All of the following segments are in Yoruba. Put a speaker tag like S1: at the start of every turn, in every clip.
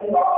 S1: And all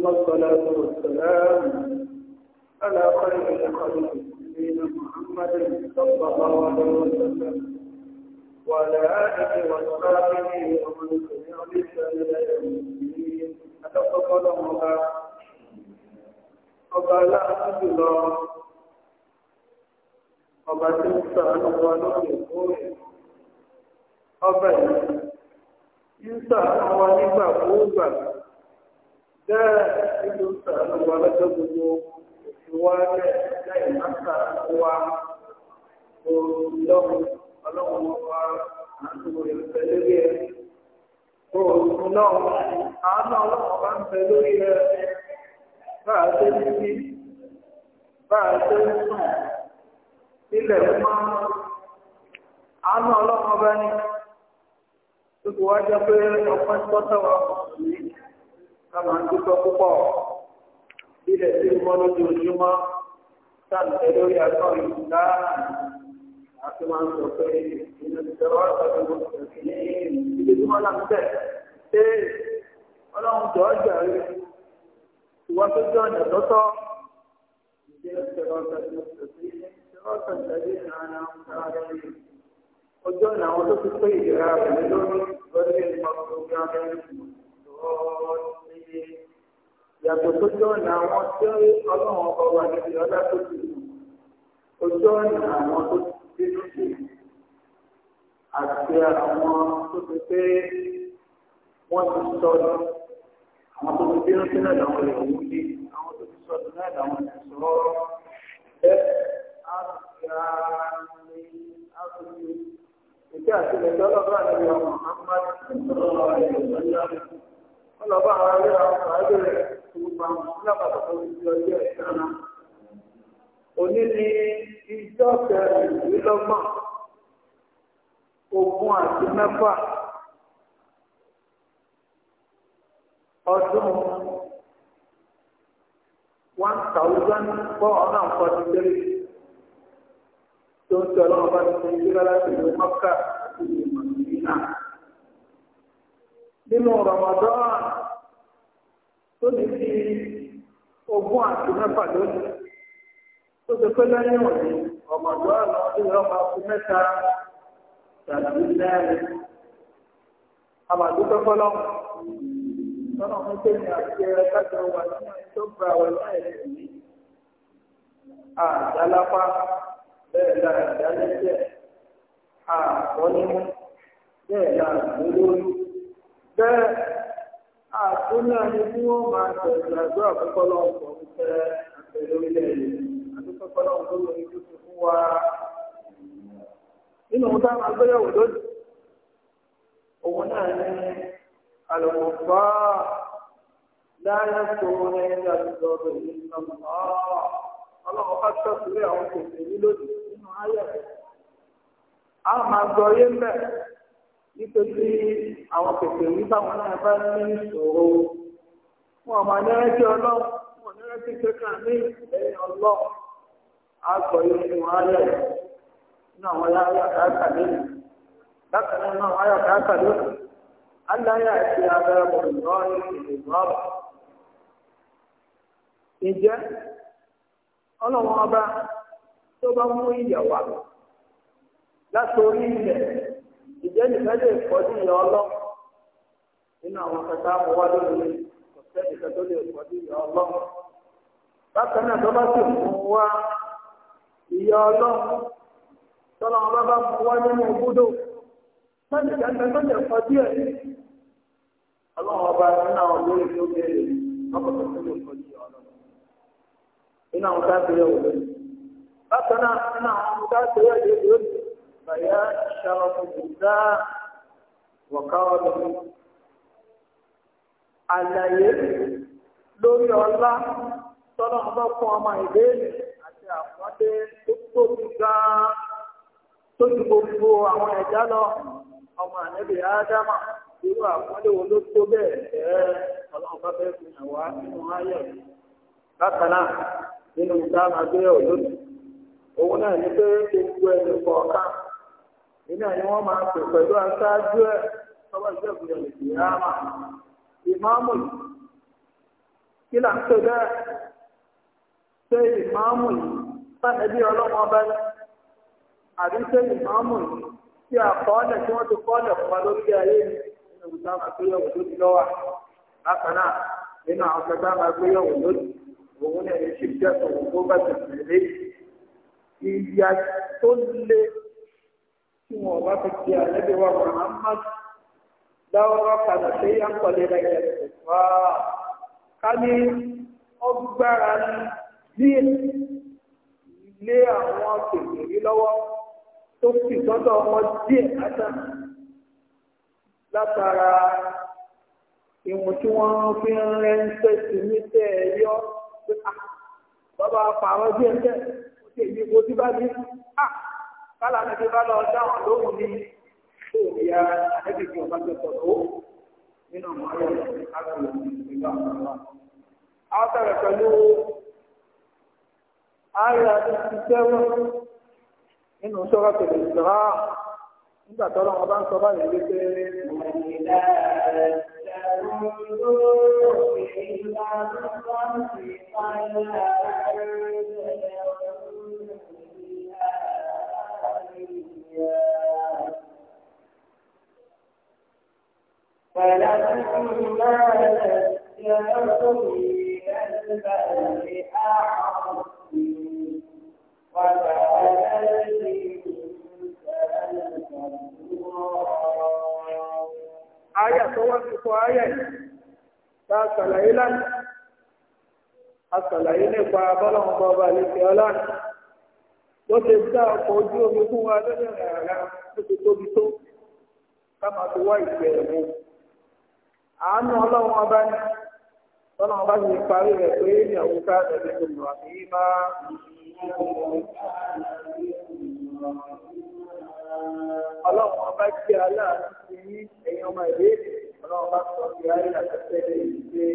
S1: ثم الصلاة والسلام على خير خلق سيدنا محمد صلى الله عليه وسلم وعلى آله وصحبه ومن تبع بإحسان إلى يوم الدين أتقبل الله وقال عبد الله ọba tí ń sàánú wa lórí ìkórè ọba yìí ń sàánú wa nígbà fóògbà bẹ́ẹ̀ nínú sàánú wa lọ́jọ́ gbogbo ìwà rẹ̀ láì má sàánú wa òòrùn lọ́wọ́ ọlọ́run wa àánú rẹ̀ ń bẹ lórí ẹ̀ òòrùn náà àánú ọlọ́run bá ń bẹ lórí ẹ̀ bá a ṣe ń bí bá a gbogbo wa pé ọpẹ́ tọ́tọ̀ káma ń dúpẹ́ púpọ̀ ilẹ̀ tí mọ́ lójoojúmọ́ sáàtẹ̀ lórí àtọ́ ìgbà àti máa ń sọ pé inú ìjọba ọ̀sán tó ń sọ ní ibi tí wọ́n láti tẹ̀ pé ọlọ́run jọ ọjà rí ìwọ́n tó jẹ́ ọ̀nà lọ́tọ́ ìjẹ́ ìjọba ọ̀sán tó ń sọ sí ìjọba ọ̀sán tó ń sọ sí ojú ọ̀nà àwọn tó ti pé ìlera rẹ̀ lórí lọ́dún ìmọ̀ tó gbé abẹ́rẹ́ ìmọ̀ tó yàtọ̀ sójú ọ̀nà àwọn tí ọlọ́run ọkọ̀ wà níbi ọlá tó ti lù ojú ọ̀nà àwọn tó ti dé lóde àti àwọn tó ti pé wọ́n ti sọ̀rọ̀ àwọn tó ti dé lóde náà làwọn lè wú ní àwọn tó ti sọ̀rọ̀ náà làwọn lè sọ̀rọ̀ ẹ àgbàní àgbàní ìdí àti ìlẹ̀jọ́ ọlọ́run àti ìyàwó Muhammad sọ̀rọ̀ àyẹ̀wò lọ́yà ọlọ́ba ara rẹ̀ àwọn ọ̀rẹ́ rẹ̀ tó gba lábàtà tó ti ọjọ́ ìṣẹ́nà. Òní ni ìjọ kẹrìndínlọ́gbọ̀n ogún àti mẹ́fà ọdún one thousand four hundred and forty three tó ń tọ́ bá ti ṣe ìṣẹ́lá láti ìlú mọ́kà àti ìlú mọ̀nìyàn. Nínú Ramadan tó ti fi ogún àti mẹ́fà lónìí tó ti pé lẹ́yìn òní ọmọdé ọ̀nà ọdún ọmọ ọkùnrin mẹ́ta tàbí mẹ́rin àmàdúgbò fọlọ́ tọ́nà fún kéèmì àti ẹ̀rẹ́ kájọ wà nínú tó gba àwọn ẹ̀rẹ́ yìí àdálápá bẹ́ẹ̀ la àdálẹ́jẹ́ àkọ́nímú bẹ́ẹ̀ la àgbélórí bẹ́ẹ̀. a ni tí wọ́n máa tẹ̀síwájú àkọ́kọ́lọ́ ọ̀pọ̀ fẹ́ àtẹ̀lé orílẹ̀-èdè àtúnkọ́kọ́lọ́ ọ̀pọ̀ lórí tó ti fún wa. nínú ohun lónìí òun náà àlùmọ̀fà tó yìí bá àwọn lónìí nínú ayẹ̀ nítorí àwọn pèpè wí báwọn náà bá ní ìṣòro wọn máa nírètí ọlọ́run wọn ní ìlẹ́yìn ọlọ́run n'ụwa yìí ni wọ́n á lẹ̀ nínú àwọn ayọ̀ká àkàdé bákan àwọn aláyà ọba tó bá mú ìyàwó ìjẹ́ nìkan lè pọ̀ sí ìyá ọlọ́ nínú àwọn kẹta àwọn lórí ọ̀sẹ̀ nìkan tó lè pọ̀ sí ìyá ọlọ́ bákan náà tó bá sì mú wá ìyá ọlọ́ tọ́lọ́ wọn bá bá mú wá nínú búdó kẹta tó lè pọ̀ nínú àwọn olórí tó tó lè pọ̀ sí ìyá ọlọ́ nínú àwọn bákan náà nínú àwọn بيان شرف النساء وقالوا àlàyé lórí ọlá tọ́lá ọba fún ọmọ ìbéèrè àti àpọ́nlé tó tóbi gan-an tó ju gbogbo àwọn ẹ̀dá lọ ọmọ ànẹ́bí ádámà irú àpọ́nlé ló tó bẹ́ẹ̀ ẹ́ ọlọ́run bá iná ni wọ́n máa pè pẹ̀lú aṣáájú ẹ̀ tọ́wọ́ ìjọ ìgbìyànjú ìyáàmà ìmáàmù yìí kí là ń pè bẹ́ẹ̀ ṣé ìmáàmù yìí sànẹ́bí ọlọ́mọ bẹ́ẹ̀ àbí ṣé ìmáàmù yìí tí àkọọ́lẹ̀ tí wọ́n ti kọ́ọ̀lẹ̀ fún wa lórí ayé mi nínú ìgbà àgbéyẹ̀wò lórí lọ́wọ́ bákan náà nínú àwọn ọ̀gbẹ́gbẹ́ àgbéyẹ̀wò lórí òun náà ní ṣíṣẹ́ tòun tó bá tẹ̀sílẹ̀ ìyà tó le tí wọn bá fi ti àlẹ́bí wa Muhammad dáwọ́rọ́ padà sí yàtọ̀lẹ́ rẹ̀ wá ká ní ọgbára ní ilé àwọn kèkèrè lọ́wọ́ tó fi sọ́dọ̀ wọn díẹ̀ látà látara ìwọ̀n tí wọ́n fi ń rẹ́ńsẹ́ sí ní tẹ́ ẹ yọ bàbá pààrọ̀ díẹ̀ tẹ́ ó sì yí kó sí bá ní kálá níbi bá lọ dáhùn lóhùn ní òbí ya ẹbí kí ọba tó sọ tó nínú àwọn ayọ̀ àti ìgbà àwọn. a bẹ̀rẹ̀ pẹ̀lú ayọ̀ àti ìṣẹ́wọ̀n nínú sọ́ra pẹ̀lú ìṣẹ́ra nígbà tó lọ́wọ́ bá ń sọ báyìí wípé. Thank you. Aya نجاهم إلى البر ta sàlàyé lánàá a sàlàyé nípa bọ́lọ́mọba balẹ̀ fi tó ṣe dá ọkọ̀ ojú omi fún wa lọ́dẹ̀ rárá tó ṣe tóbi tó ká máa fi wá ìfẹ́ ẹ̀ mú. àánú ọlọ́run ọba ní tọ́nà ọba ti parí rẹ̀ pé ìyàwó ká tẹ̀lé tó lọ àmì yí máa. ọlọ́run ọba jẹ́ aláàánú sí ẹ̀yin ọmọ ìbéèrè ọlọ́run ọba sọ sí ayé àtẹ̀tẹ̀lẹ̀ ìgbé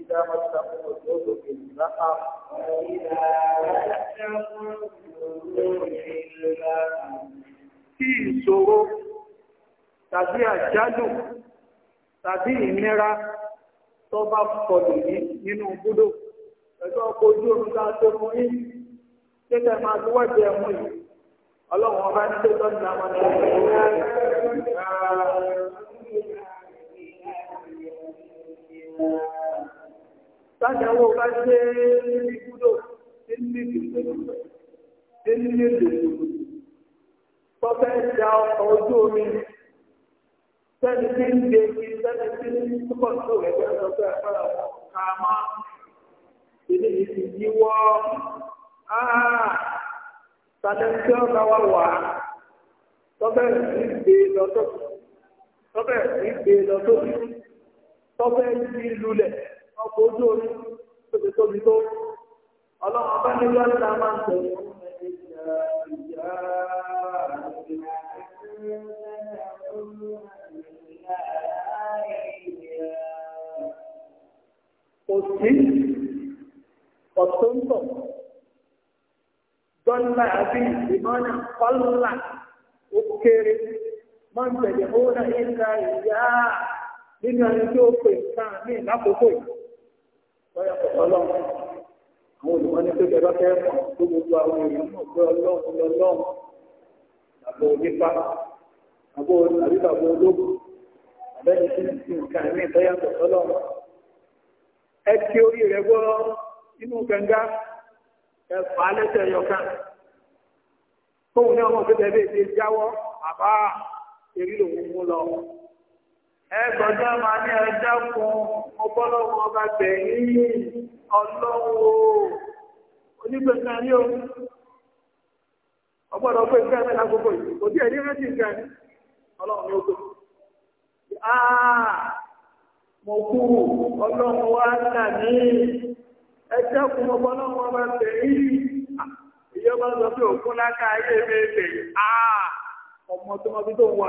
S1: ìdámọ́ta fún òṣèlú òkè ìlú lápá tí ìṣòro tàbí àjálù tàbí ìnira tó bá kọlù yìí nínú búdó ẹ̀tọ́ ọkọ̀ ojú omi ta tó mú yìí tẹ́tẹ́ máa tó wájú ẹ̀mú yìí ọlọ́run ọba ní tẹ́tọ́ ní àwọn ọmọ Sáàjẹ́wó bá ṣe ní ibùdó tí ń bí ìgbẹ̀lú délé lòdò tọ́fẹ́ da ọkọ̀ ojú omi sẹ́ni tí ń de kí sẹ́ni tí ń túbọ̀ tó rẹ̀ bí ọ̀sán tó ẹ̀fọ́ ẹ̀fọ́ ká má ilé yìí ti yíwọ́ sàdé tí ó bá wà wà tọ́fẹ́ sí gbé lọ́tọ̀ tọ́fẹ́ sí gbé lọ́tọ̀ tọ́fẹ́ sí lulẹ̀ ọkọ̀ ojú omi tóbi tóbi tó ọlọ́run bá ní lọ́tà máa ń tẹ̀lé òsì ọ̀tọ́ntọ̀ dọ́là àbí ìmọ̀nà kọ́là ó kéré máa ń tẹ̀lé ó náà ń ka ìyá nínú ẹni tí ó pè sáà ní ìlákòókò yìí àwọn olùkọ́ ní pé bẹ́ẹ̀ bá fẹ́ mọ̀ tó gbogbo àwọn èèyàn mọ̀ pé ọlọ́run lọ́lọ́run àbò onípa àbò àbíkàbò ológun àbẹ́ni tí ti nǹkan ẹ̀mí ìtọ́yàtọ̀ sọ́lọ́run ẹ ti orí rẹ̀ gbọ́rọ́ inú gbẹ̀ngá ẹ fà á lẹ́sẹ̀ yọ̀ọ̀kan tóun náà mọ̀ pé bẹ́ẹ̀ ti jáwọ́ àbá èrí lòun mú lọ ẹgbọ̀jọ́ ma ní ẹjọ́ fún ọgbọ́lọ́wọ́ ọba tẹ̀yìn ọlọ́wọ́ ní o ọgbọ́dọ̀ ọgbọ́ ìfẹ́ lágbogbo yìí kò tí ẹ̀rí rẹ́tì ọlọ́run ní ogbò mo kú ọlọ́run wá nà ní ẹjọ́ fún ọgbọ́lọ́wọ́ ọba tẹ̀yìn òkú lákàáyé ọmọ tó tó wà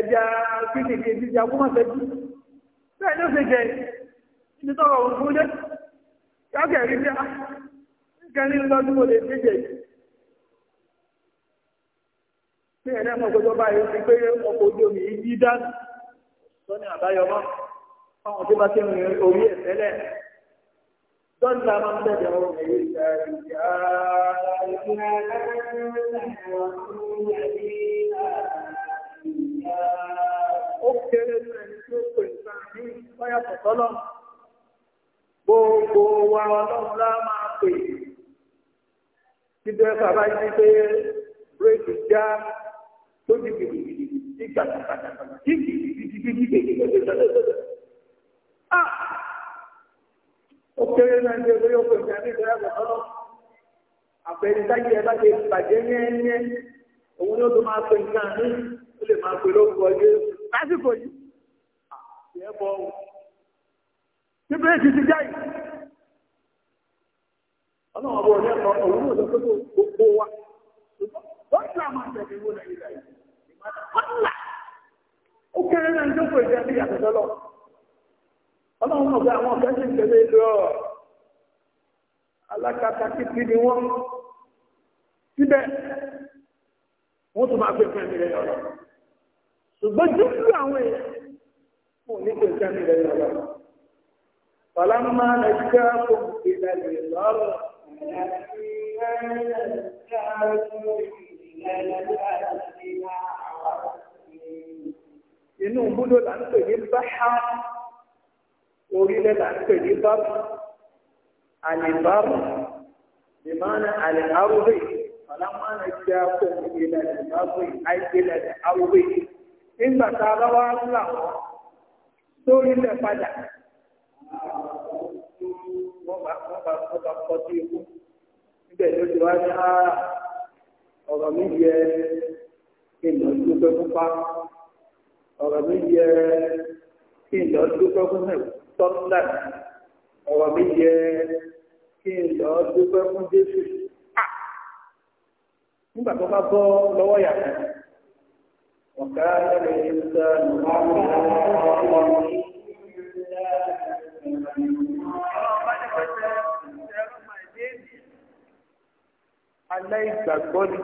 S1: ẹja kéékèèké jíjà kó má tẹ́jú ní ẹ̀rẹ́ mọ̀gbọ́jọ́ báyìí ti pé ọkọ̀ ojú omi yìí dá lọ́nà àbáyọmọ́ fáwọn tí bá ti rìn orí ẹ̀ tẹ́lẹ̀ dọ́ńtà máa ń bẹ̀rẹ̀ ọ̀rọ̀ èyí ìjà ó kéré ní ẹni tí ó pè nǹkan ní ọ̀yàtọ̀ tọ́lọ́ gbogbo wa ọlọ́run lá máa pè títí ẹ̀fà bá yí pé bírèkì já lójú gidigidi tí gbàgbàgbàgbà tí gidigidi ó kéré náà ní ẹgbẹ́ yóò pè nǹkan ní ọ̀yàtọ̀ tọ́lọ́ àpẹẹrẹ táyé ẹ bá ti bàjẹ́ yẹ́nyẹ́ òun ni ó tó máa pe nǹkan ní ó lè máa pe lórúkọ Jésù lásìkò yìí ìyẹn bọ ọ tí bírèkì ti jáì ọlọ́run ọbọ̀ ní ẹ̀kọ́ òun ní òjò gbogbo wa wọ́n ti àmà ìjẹ̀bi wo nàìjíríà yìí ìmọ̀lá ó kéré náà tó kò ìjẹ̀bi àtẹ̀tẹ̀ lọ ọlọ́run ọ̀gá àwọn ọ̀gá sì ń tẹ̀lé lọ alákatakítí ni wọ́n síbẹ̀ wọ́n tó máa fẹ́ fẹ́ mi lẹ́yìn ọ̀rọ̀ ṣùgbọ́n jésù àwọn èèyàn kò ní kò fẹ́ mi lẹ́yìn ọ̀rọ̀ fàlámà nàìjíríà kò fi lẹ́yìn lọ́rọ̀ inú búlò là ń pè ní báhá orílẹ̀ là ń pè ní bábù àlìbárù ìmọ̀ràn àlìárùbẹ̀ ọ̀làmọ́ ẹ̀jẹ̀ akọ ìgbélẹ̀ ìbáwí àìgbélẹ̀ awé nígbà tá a bá wá là wọ́n sórí ilẹ̀ padà wọ́n bá wọ́n bá wọ́n bá kọ́ sí ikú níbẹ̀ ló ti wá ní á ọ̀rọ̀ mi yẹ kí n lọ dúpẹ́ pupa ọ̀rọ̀ mi yẹ kí n lọ dúpẹ́ fún ẹ̀ tọ́lá ọ̀rọ̀ mi yẹ kí n lọ dúpẹ́ fún Jésù. nígbà tó bá bọ́ lọ́wọ́ yàtọ̀ ọ̀gá ẹ̀rọ ìṣe ọ̀gbọ́n ọ̀gbọ́n aláìgbàgbọ́ ọrụ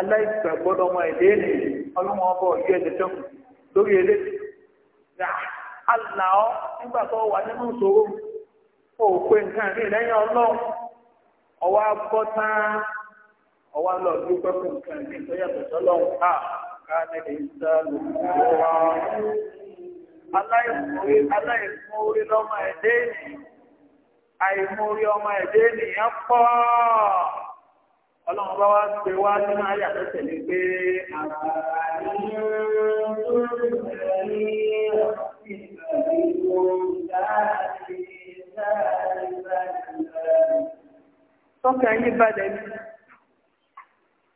S1: aláìgbàgbọ́ lọmọ ẹ̀dẹ́ ni ọlọ́mọ ọkọ̀ ọ̀yọ́ ẹ̀dẹ́ ihe. lórí ẹ̀dẹ́ àlà nígbà tó wà nínú ìṣòro òpin nǹkan rí lẹ́yìn ọlọ́run ọwọ́ ọwọ́ lọ dúpẹ́ fún nǹkan ìgbín tó yàtọ̀ sọ́lọ́run ká káàdì ìsàlù wá. aláìmórí lọ́mọ ẹ̀dẹ́ ènìyàn àìmórí ọmọ ẹ̀dẹ́ ènìyàn pọ̀ ọlọ́run bá wá pé wá tó tẹ̀lé pé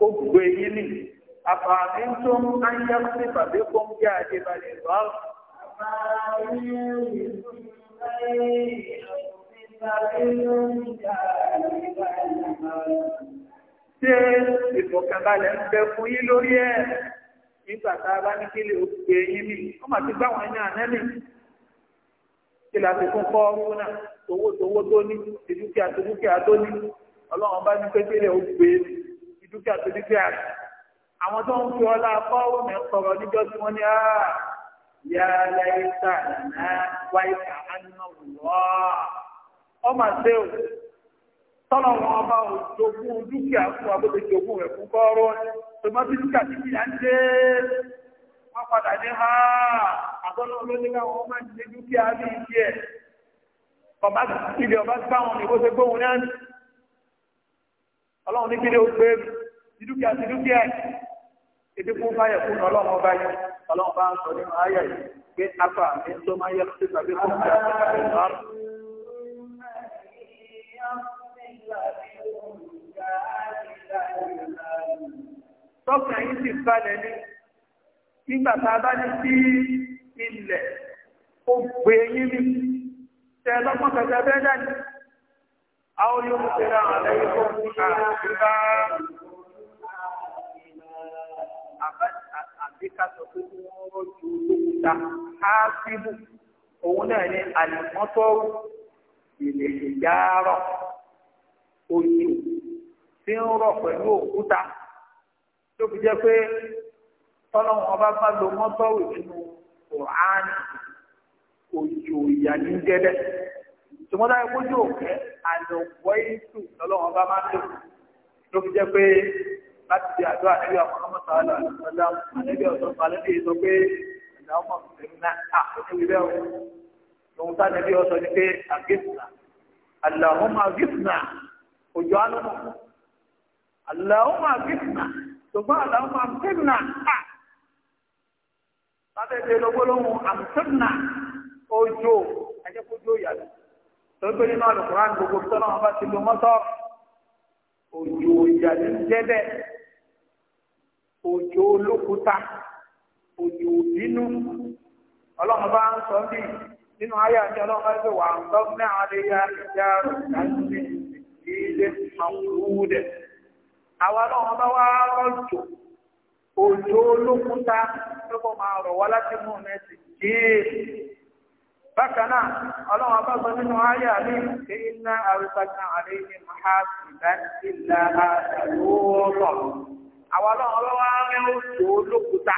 S1: ó gbé yín ní àfààní tó ń káyà sí tàbí kó ń gbé àjẹbalẹ̀ lọ. Ṣé ìfọ̀kànbalẹ̀ ń bẹ fún yín lórí ẹ̀? Nígbà tá a bá ní kí lè ó gbé yín ní, ó mà ti bá wọn ní àná nì kí la fi fún kọ́ọ́rù náà towó towó tó ní ìdúkìá tó dúkìá tó ní ọlọ́run bá ní pé kí lè ó gbé dúkìá tó dúkìá rẹ̀ àwọn tó ń fi ọlá fọ́ọ̀rù mi kọ̀rọ̀ níjọ́ tí wọ́n ní á yà láìka nà wáìka ánáwùrọ̀ ọmọ àṣẹ o tọ́lọ̀ wọn ọba ò jogún dúkìá fún abóde jogún rẹ̀ fún kọ́rọ́ tòmátì dúkìá tí kìí à wọ́n padà ní ha àbọ̀nà olóníkà wọn máa ń ṣe dúkìá bí iṣẹ́ ọba ilé ọba sáwọn ìbò ṣe gbóhùn náà ọlọ́run ní kílé ó gbé ti dúkìá ti dúkìá ìdí fún báyẹ̀ fún ọlọ́run ọba yìí ọlọ́run bá ń sọ nínú ayẹ̀ yìí pé apá mi tó máa yẹ kí tàbí fún ọjà ọ̀rọ̀. tọ́kà yìí sì balẹ̀ ní nígbà tá a bá ní sí ilẹ̀ ó gbé yín ní tẹ kẹta bẹ́ẹ̀ dání. أو يمطر عليكم حاسبا àbíká sọ pé kí wọ́n rọ́jú ìta áásíbù òun náà ní àlùmọ́tọ́rù ìlẹ̀ ìyáárọ̀ òjò tí ń rọ̀ pẹ̀lú òkúta tó fi jẹ́ pé tọ́lọ́wọ́n ọba bá lo mọ́tọ́rù nínú kùránì òjò ìyá ní ṣùgbọ́n láyé kójú òkè àlọ́wọ́ ètò lọ́lọ́wọ́n bá máa ń lò ló fi jẹ́ pé láti di àdó àlẹ́bí àkọ́kọ́mọ́ta àlọ́lá àlẹ́bí ọ̀sán àlẹ́bí sọ pé ẹ̀dá ọmọ ìfẹ̀mí náà àkókò ìbẹ́ òun lòun tá àlẹ́bí ọ̀sán ni pé àgẹ́sìnà àlàhùnmá àgẹ́sìnà òjò ánúmọ̀ àlàhùnmá àgẹ́sìnà ṣùgbọ́n àlàhùnmá àgẹ́sìnà à lábẹ́ ìdè lọ́gbọ́lọ́hùn àmùsẹ́nà òjò ẹ̀jẹ̀ kójú òyàlú tọ́gbẹ́ nínú àlùkùránì gbogbo tọ́nà wọn bá ti lo mọ́tọ́ òjò ìjà ní jẹ́bẹ̀ òjò olókùúta òjò òbínú ọlọ́run bá ń sọ bí nínú ayé àti ọlọ́run bá ń sọ wà ń tọ́ ní àwọn ìjà rẹ̀ láti ilé àwòrúwúdẹ̀ àwọn ọlọ́run bá wá rọ̀jò òjò olókùúta tó kọ́ máa rọ̀ wá láti mú un ẹ̀sìn jéèrè bákan náà ọlọ́run abáṣọ nínú ayé àlè a iná àrùsàkà àlè ní mahasida ìlà àdàlúwọ̀rọ̀ àwọn ọlọ́run ọlọ́wọ́ rẹ̀ òjò olókùúta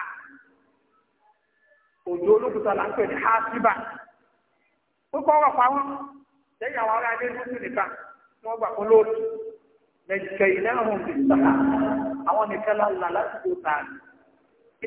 S1: òjò olókùúta là ń pè ní púpọ̀ pa wọn lẹ́yìn àwọn ará ilé nìkan tí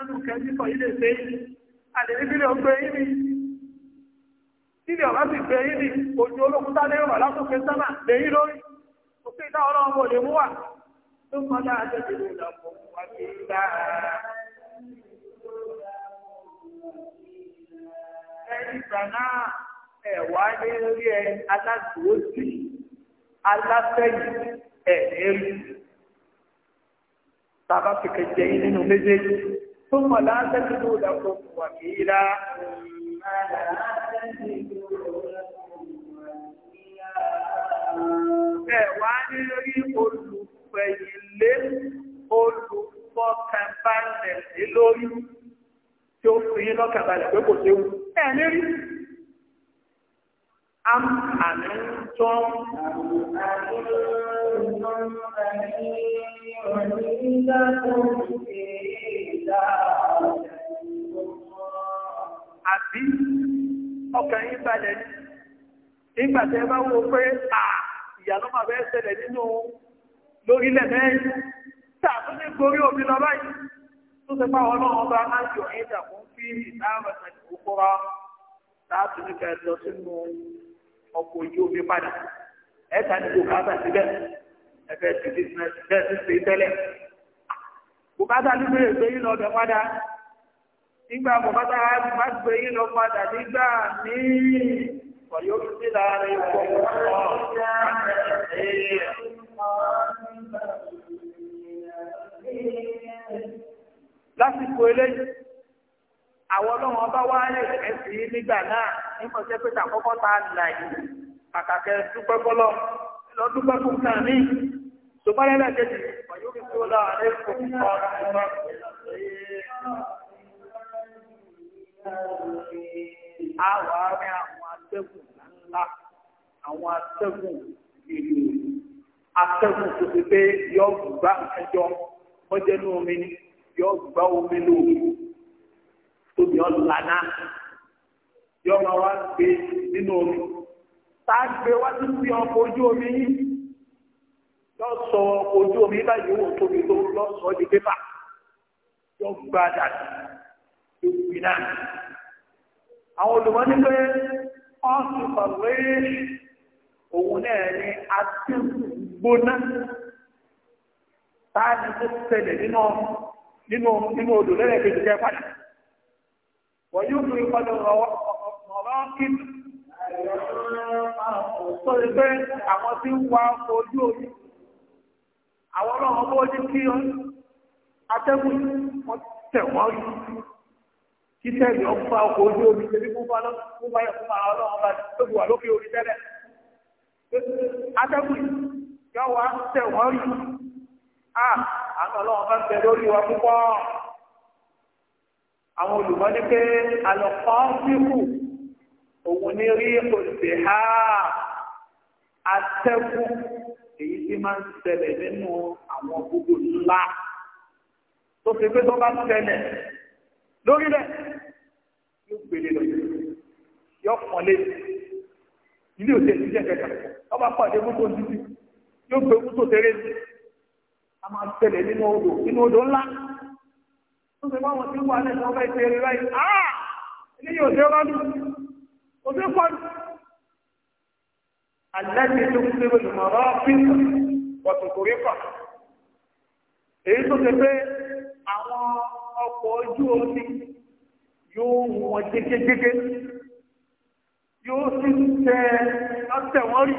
S1: àdánù kẹjíkọ̀ ilé ṣe àdèríbílẹ̀ ó gbé ìrì sílẹ̀ ọ̀rá sì gbé ìrì ojú olókúta lẹ́rọ̀ látòkè sánà lè yí lórí kò sí ìdá ọ̀rọ̀ ọmọ lè mú wà tó mọ́ láàájẹ́ ìlú ìdàpọ̀ wà sí ìdá ẹ̀yìn ìgbà náà ẹ̀wà ní orí tàbá fi kẹjẹ yín nínú méjèèjì ثم لا تجدوا لكم وكيلا ẹ wá ní lórí olùfẹ̀yìnlé olùfọkànbalẹ̀ lórí tí ó fi yín lọ́kànbalẹ̀ pé kò séwu ẹ ní rí am àmì ń tọ́ Ìjọba ẹni ọ̀rọ̀ ìlànà òkèèrè. àbí ọkàn yín balẹ̀ ní nígbà bá wo pé à ìyàlọ́ máa ha ṣẹlẹ̀ nínú lórílẹ̀ mẹ́rin tààtú ní gorí omi lọ báyìí tó ṣe páwọn náà ọba máa ha yọ ẹ̀dà fún ha ìdáàbà tààtú ní kẹrẹ bùkátà ló gbé ègbé yìí lọ bẹ̀ padà nígbà bùkátà bá gbé yìí lọ padà nígbà ní ọ̀yọ́ sí láàrin ìwọ̀n lásìkò eléyìí àwọn ọlọ́run ọba wá lè ẹ̀sìn nígbà náà nípa ṣe pé tàkọ́kọ́ ta là yìí kàkà kẹ́ dúpẹ́ kọ́lọ́ lọ́dúpẹ́ fún kàn mí ṣùgbọ́n ẹlẹ́kẹ̀ẹ́jì pàyókè tí ó láàá ẹ̀kùn ọ̀rọ̀ ìgbà àwọ̀ àárín àwọn atẹ́gùn ńlá àwọn atẹ́gùn ìlú atẹ́gùn tó ti pé yọ gbà ẹjọ́ ọjẹ́nú omi ni yọ gbà omi lóòrùn tóbi ọ̀lànà yọ máa wá gbé nínú omi tá gbé wá sí ọkọ̀ ojú omi yìí sọ ojú omi báyìí wò tóbi tó lọ́sọ̀ọ́ di pépà yọ gba dàdí yóò gbin náà. àwọn olùmọ́ni pé wọ́n ti pàwé òun náà ni àti gbóná táàbí tó ṣẹlẹ̀ nínú nínú nínú odò lẹ́lẹ̀ kejì jẹ́ padà. wọ́n yóò fi padà ọ̀rọ̀ kíkì.
S2: sọ pé àwọn tí
S1: ń wa ojú omi àwọn ọlọ́run bó ní kí atẹ́gùn wọn tẹ̀ wọ́n rí títẹ̀ yọ fún ọkọ̀ ojú omi tẹ̀lé fún bá fún bá yẹ fún bá ọlọ́run bá tó fi wà lókè orí tẹ́lẹ̀ atẹ́gùn yọ wá tẹ̀ wọ́n rí à àwọn ọlọ́run bá ń bẹ lórí wa púpọ̀ àwọn olùkọ́ ní pé àlọ́kọ́ fífù òun ní rí kò sí ha atẹ́gùn èyí tí máa ń ṣẹlẹ̀ nínú àwọn gbogbo ńlá tó fi pé tó bá ṣẹlẹ̀ lórílẹ̀ yóò gbélé lọ yóò pọ̀lé ilé òde ìdíjẹ́ kẹta tó bá pàdé gbogbo títí yóò gbé wúso tẹ̀lé sí a máa ṣẹlẹ̀ nínú odò nínú odò ńlá tó fi báwọn tí wọ́n wà lẹ́sọ̀ ọba ìṣeré láì ah ilé yóò dé rọ́dún òde pọ̀lú alẹ́bí tó ń gbé olùmọ̀rọ́ fífọ̀ wọ̀tùnkùríkọ̀ èyí tó ṣe pé àwọn ọkọ̀ ojú omi yóò wọ̀n jégéjégé yóò sì tẹ ọ̀tẹ̀ wọ́n rí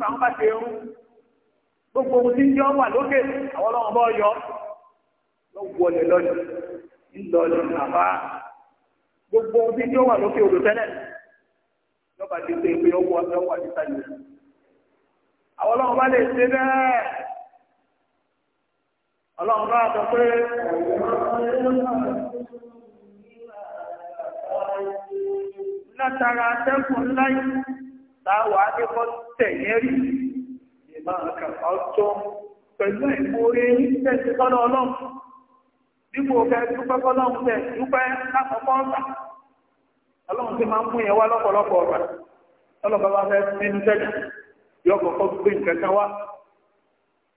S1: táwọn bá ṣe rú gbogbo ohun tí ń jọ wà lókè àwọn ọlọ́run bọ́ yọ lọ wọlé lọ́dún ńlọrọ̀ nàbá gbogbo ohun tí ń wà lókè olùtẹ́lẹ̀ lọ́ba ti ṣe pé ọwọ́ ọwọ́ àti sáyẹn àwọn ọlọ́run bá lè ṣe bẹ́ẹ̀ ọlọ́run bá sọ pé látara atẹ́kùn láyé láwàá nípọ́ tẹ̀yẹ́ pẹ̀lú ìmúre tẹ̀sí kọ́nà ọlọ́run dípò ọ̀fẹ́ dúpẹ́ kọ́lọ́run tẹ̀ dúpẹ́ lákọ̀ọ́kọ́ ọ̀gbà ọlọ́run ti máa ń lọ́pọ̀lọpọ̀ ọlọ́pàá bá fẹ́ nínú tẹ́lẹ̀ yọ kọ́kọ́ gbé nǹkan kan wá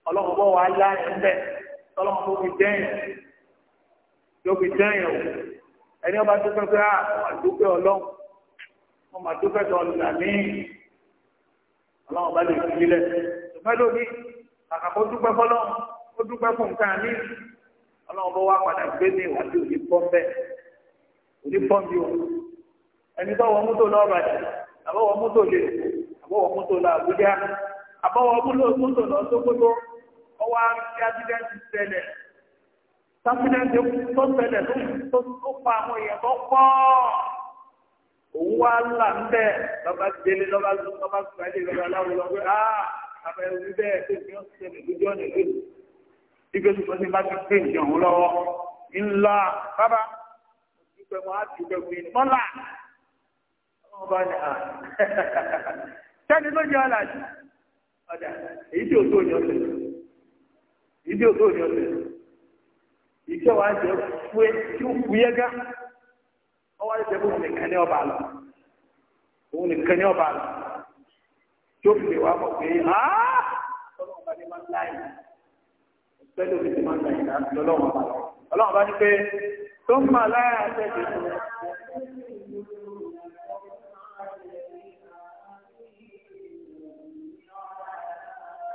S1: ọlọ́run bọ́ wàá lá ẹ̀ ńbẹ́ tọ́lọ́run tó fi dẹ́yìn tó fi dẹ́yìn o ẹni ọba tó fẹ́ fẹ́ à wà dúpẹ́ ọlọ́run wọ́n mà dúpẹ́ tọ́ ọ̀lùdà mí ọlọ́run bá lè fi lẹ̀ ṣùgbọ́n lóní àkàkọ́ dúpẹ́ fọlọ́run ó dúpẹ́ fún nǹkan mí ọlọ́run bọ́ wàá padà gbé ní ìwádìí òní pọ́ńbẹ́ òní pọ́ńbí o ẹni tó wọ mọ́tò lọ́ọ́ bàjẹ́ àbọ̀wọ̀ mọ́tò lè àbọ̀wọ̀ mọ́tò lọ Àbújá àbọ̀wọ̀ mọ́tò lọ Sókótó ọwọ́ àbídẹ́ǹtì ṣẹlẹ̀ sáfídẹ́ǹtì tó ṣẹlẹ̀ tó pa àwọn èèyàn tó pọ̀ òun wá là ń bẹ̀ lọ́ba délé lọ́ba lọ́ba sùpàdé lọ́ba láwùjọ pé á àbẹ̀ òun bẹ́ẹ̀ tó fi hàn ṣẹlẹ̀ lójú ọ̀nà ìlú ìgbésù tó ti bá ti pè ní ọ̀hún lọ́wọ́ ńlá bábá ìgbẹ̀mọ̀ àti ìgbẹ̀mọ̀ ìmọ̀lá ọba ni à tẹ́ni ló jẹ́ ọ̀làjú ọ̀dà èyí tí òtó ni ọ̀sẹ̀ èyí tí òtó ni ọ̀sẹ̀ ìjọ wa jẹ fúé tí ó fúyẹ́ gá ọwọ́ ayé jẹ fún ọba òun ọba àlọ́ tí ó fi lè wá pé ọlọ́run bá ní máa ń láyé ti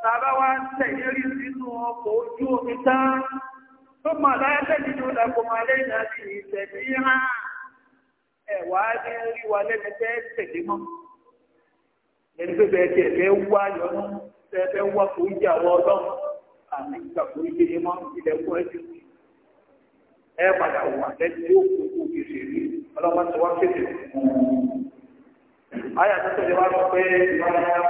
S1: tàbá wá tẹ̀lé rí sínú ọkọ̀ ojú omi tán tó mọ̀ láyé nínú ìdàkùnmọ̀ alẹ́ ìdájí ìṣẹ̀lẹ̀ yíra ẹ̀wà ní rí wa lẹ́nu tẹ́ tẹ̀lé mọ́
S2: ẹni pé bẹ́ẹ̀ tẹ̀ fẹ́ wá yọnu
S1: tẹ́ fẹ́ wá kó ń jà wọ ọlọ́run àmì ìgbà kó ń jẹyẹ mọ́ ilẹ̀kùn ẹ̀jú ẹ padà wà lẹ́nu tí ó kú kì í ṣe rí ọlọ́wọ́ ti wá kéde. ayàtúntò ni wọ́n sọ pé ìwà ìyàwó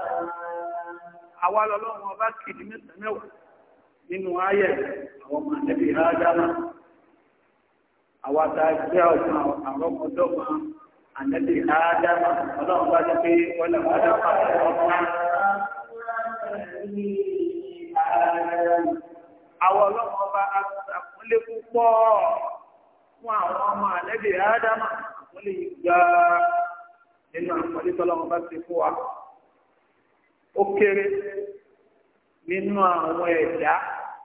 S1: àwa lọ́lọ́run ọba kìdí mẹ́ta mẹ́wàá nínú ayẹ̀ àwọn ọmọ ẹbí ádámà àwa tá a jẹ́ ọ̀gbọ́n àwọn ọmọdé ọmọ ànẹ́bí ádámà ọlọ́run bá ti pé wọ́n lè wọ́n dá pàtó ọmọ àwọn ọlọ́run ọba àkúnlé púpọ̀ fún àwọn ọmọ ànẹ́bí ádámà àkúnlé ìgbà nínú àkọlé tọ́lọ́run bá ti fún wa. ó kéré nínú àwọn ẹ̀dá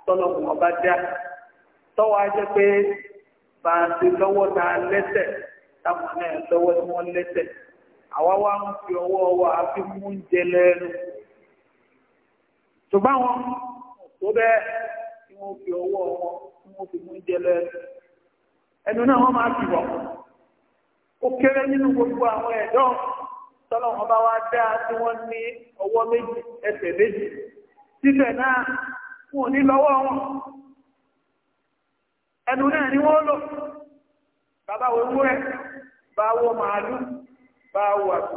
S1: tọ́lọ́gùn ọba dá tọ́wọ́ pé bá a ti lọ́wọ́ ta lẹ́sẹ̀ táwọn náà lọ́wọ́ tí wọ́n lẹ́sẹ̀ àwa wá ń fi ọwọ́ mú oúnjẹ lẹ́nu ṣùgbọ́n wọn tó bẹ́ẹ̀ tí wọ́n gbogbo àwọn ẹ̀dọ́ tọ́lọ̀ wọn bá wá dá tí wọ́n ní ọwọ́ méjì ẹsẹ̀ méjì síbẹ̀ náà fún òní lọ́wọ́ wọn ẹnu náà ni wọ́n lò bàbá wo ewúrẹ́ bá wọ màálù bá wọ àpò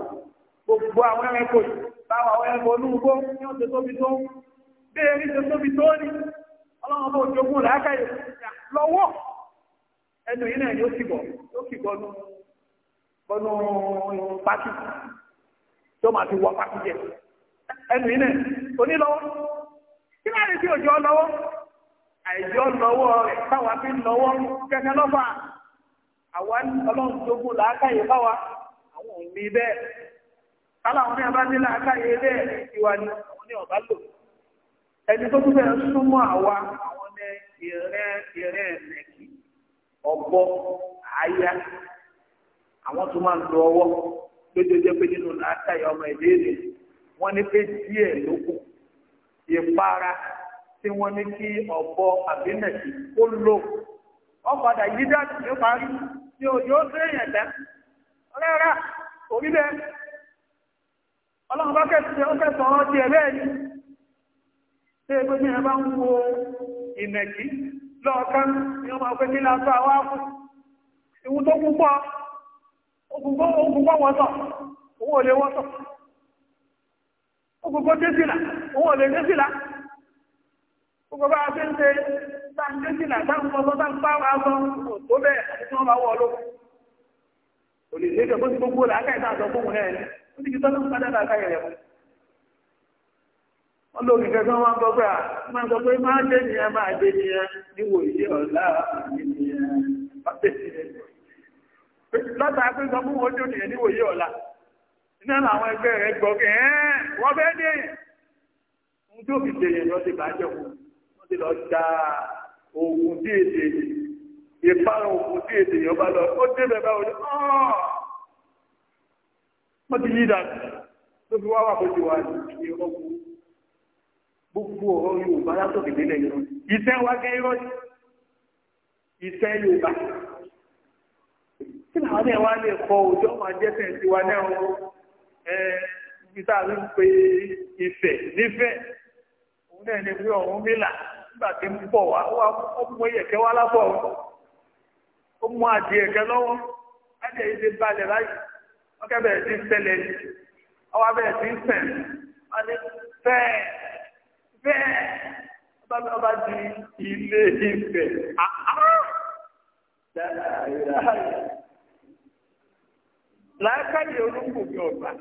S1: gbogbo àwọn ẹranko yìí bá wọ àwọn ẹranko olúgbó ní ọ̀sẹ̀ tóbi tó bí erí ṣe tóbi tó ní ọlọ́run bó jogún làákàyè lọ́wọ́ ẹnu yìí náà yóò kìbọ̀ yóò kìbọ̀ nù bọ́nú pátì tó máa fi wọ pátì jẹ ẹnu iná onílọ́wọ́ kí láàrin tí òjò lọ́wọ́ àìjọ lọ́wọ́ rẹ̀ táwa fi lọ́wọ́ kẹ́kẹ́ lọ́fà àwa ọlọ́run jogun làákàyè báwa àwọn ò ní bẹ́ẹ̀ káláwọn ní abá ní làákàyè bẹ́ẹ̀ ní tiwa ni àwọn ní ọ̀bá lò ẹni tó tún bẹ́ẹ̀ súnmọ́ àwa àwọn ní ìrẹ́ ìrẹ́ ẹ̀mẹ́kì ọ̀gbọ́ àáyá àwọn tó máa ń lo ọwọ́ lójoojẹ́ pé nínú látàyè ọmọ ìbéèrè wọ́n ní pé díẹ̀ ló kù ìpara tí wọ́n ní kí ọ̀bọ àbínẹ̀sì kó lò ọ̀padà yí dájú ló parí tí òjò séèyàn dá rárá orí bẹ́ẹ̀ ọlọ́run bá kẹ́sì ó kẹ́sì ọ̀rọ̀ tiẹ̀ bẹ́ẹ̀ ni ṣé ebi ní ẹ bá ń wo ìnẹ̀kí lọ́ọ̀kan ni wọ́n máa pé kí lásán wá fún ìwú tó púpọ̀ ogun bọ́ wọ́n sọ owó olè wọ́n sọ ogun bọ́ désìlà owó olè désìlà ogun bá a ti ń ṣe tán désìlà tán fọ́sọ́ tán bá wà sọ tó bẹ́ẹ̀ àti tí wọ́n bá wọ́ lókun olè lẹ́jọ́ bó gbogbo là ákàyè náà sọ fóun ó ti fi tọ́lọ́ padà náà káyẹ̀ rẹ̀ wọ́n lórí gẹ́gẹ́ wọn gbọ́ pé máa sọ pé máa dé nìyẹn máa dé nìyẹn níwò ìṣe ọ̀la nìyẹn bá tẹ̀sí lọ́ta pé fún ojú ni ẹni wòye ọ̀la iná làwọn ẹgbẹ́ rẹ̀ gbọ́ kí ẹ́n wọ́n fẹ́ dé ohun tó fi dèyẹ lọ sí bàjẹ́ òun wọ́n ti lọ da oògùn tí èdè ìpara oògùn tí èdè yọba lọ ó débẹ̀ báwo ni wọ́n ti yí dànù tó fi wá wà kó ti wà ní ọkùnrin gbogbo ọ̀rọ̀ Yorùbá látọ̀ kìdílẹ̀ yìí iṣẹ́ wa gẹ́ irọ́ iṣẹ́ Yorùbá kí làwọn náà wá lè kọ òjò máa jẹ́ sẹ̀ sí wa náà ẹ̀ ibi tá a rí pé ìfẹ́ nífẹ̀ òun náà ni pé ọ̀hún mílà nígbà tí ń bọ̀ wá ó mú ẹ̀kẹ́ wá lábọ̀ ó mú adìẹ ẹ̀kẹ́ lọ́wọ́ adìẹ yìí ti balẹ̀ báyìí wọ́n kẹ́bẹ̀rẹ̀ sí ṣẹlẹ̀ ní ọwọ́ abẹ́rẹ́ sí sẹ̀ wọ́n ní bẹ́ẹ̀ ọba mi ọba di ilé ìfẹ́ àá ah, dáadáa ah làákàyè olóko mi ọgbà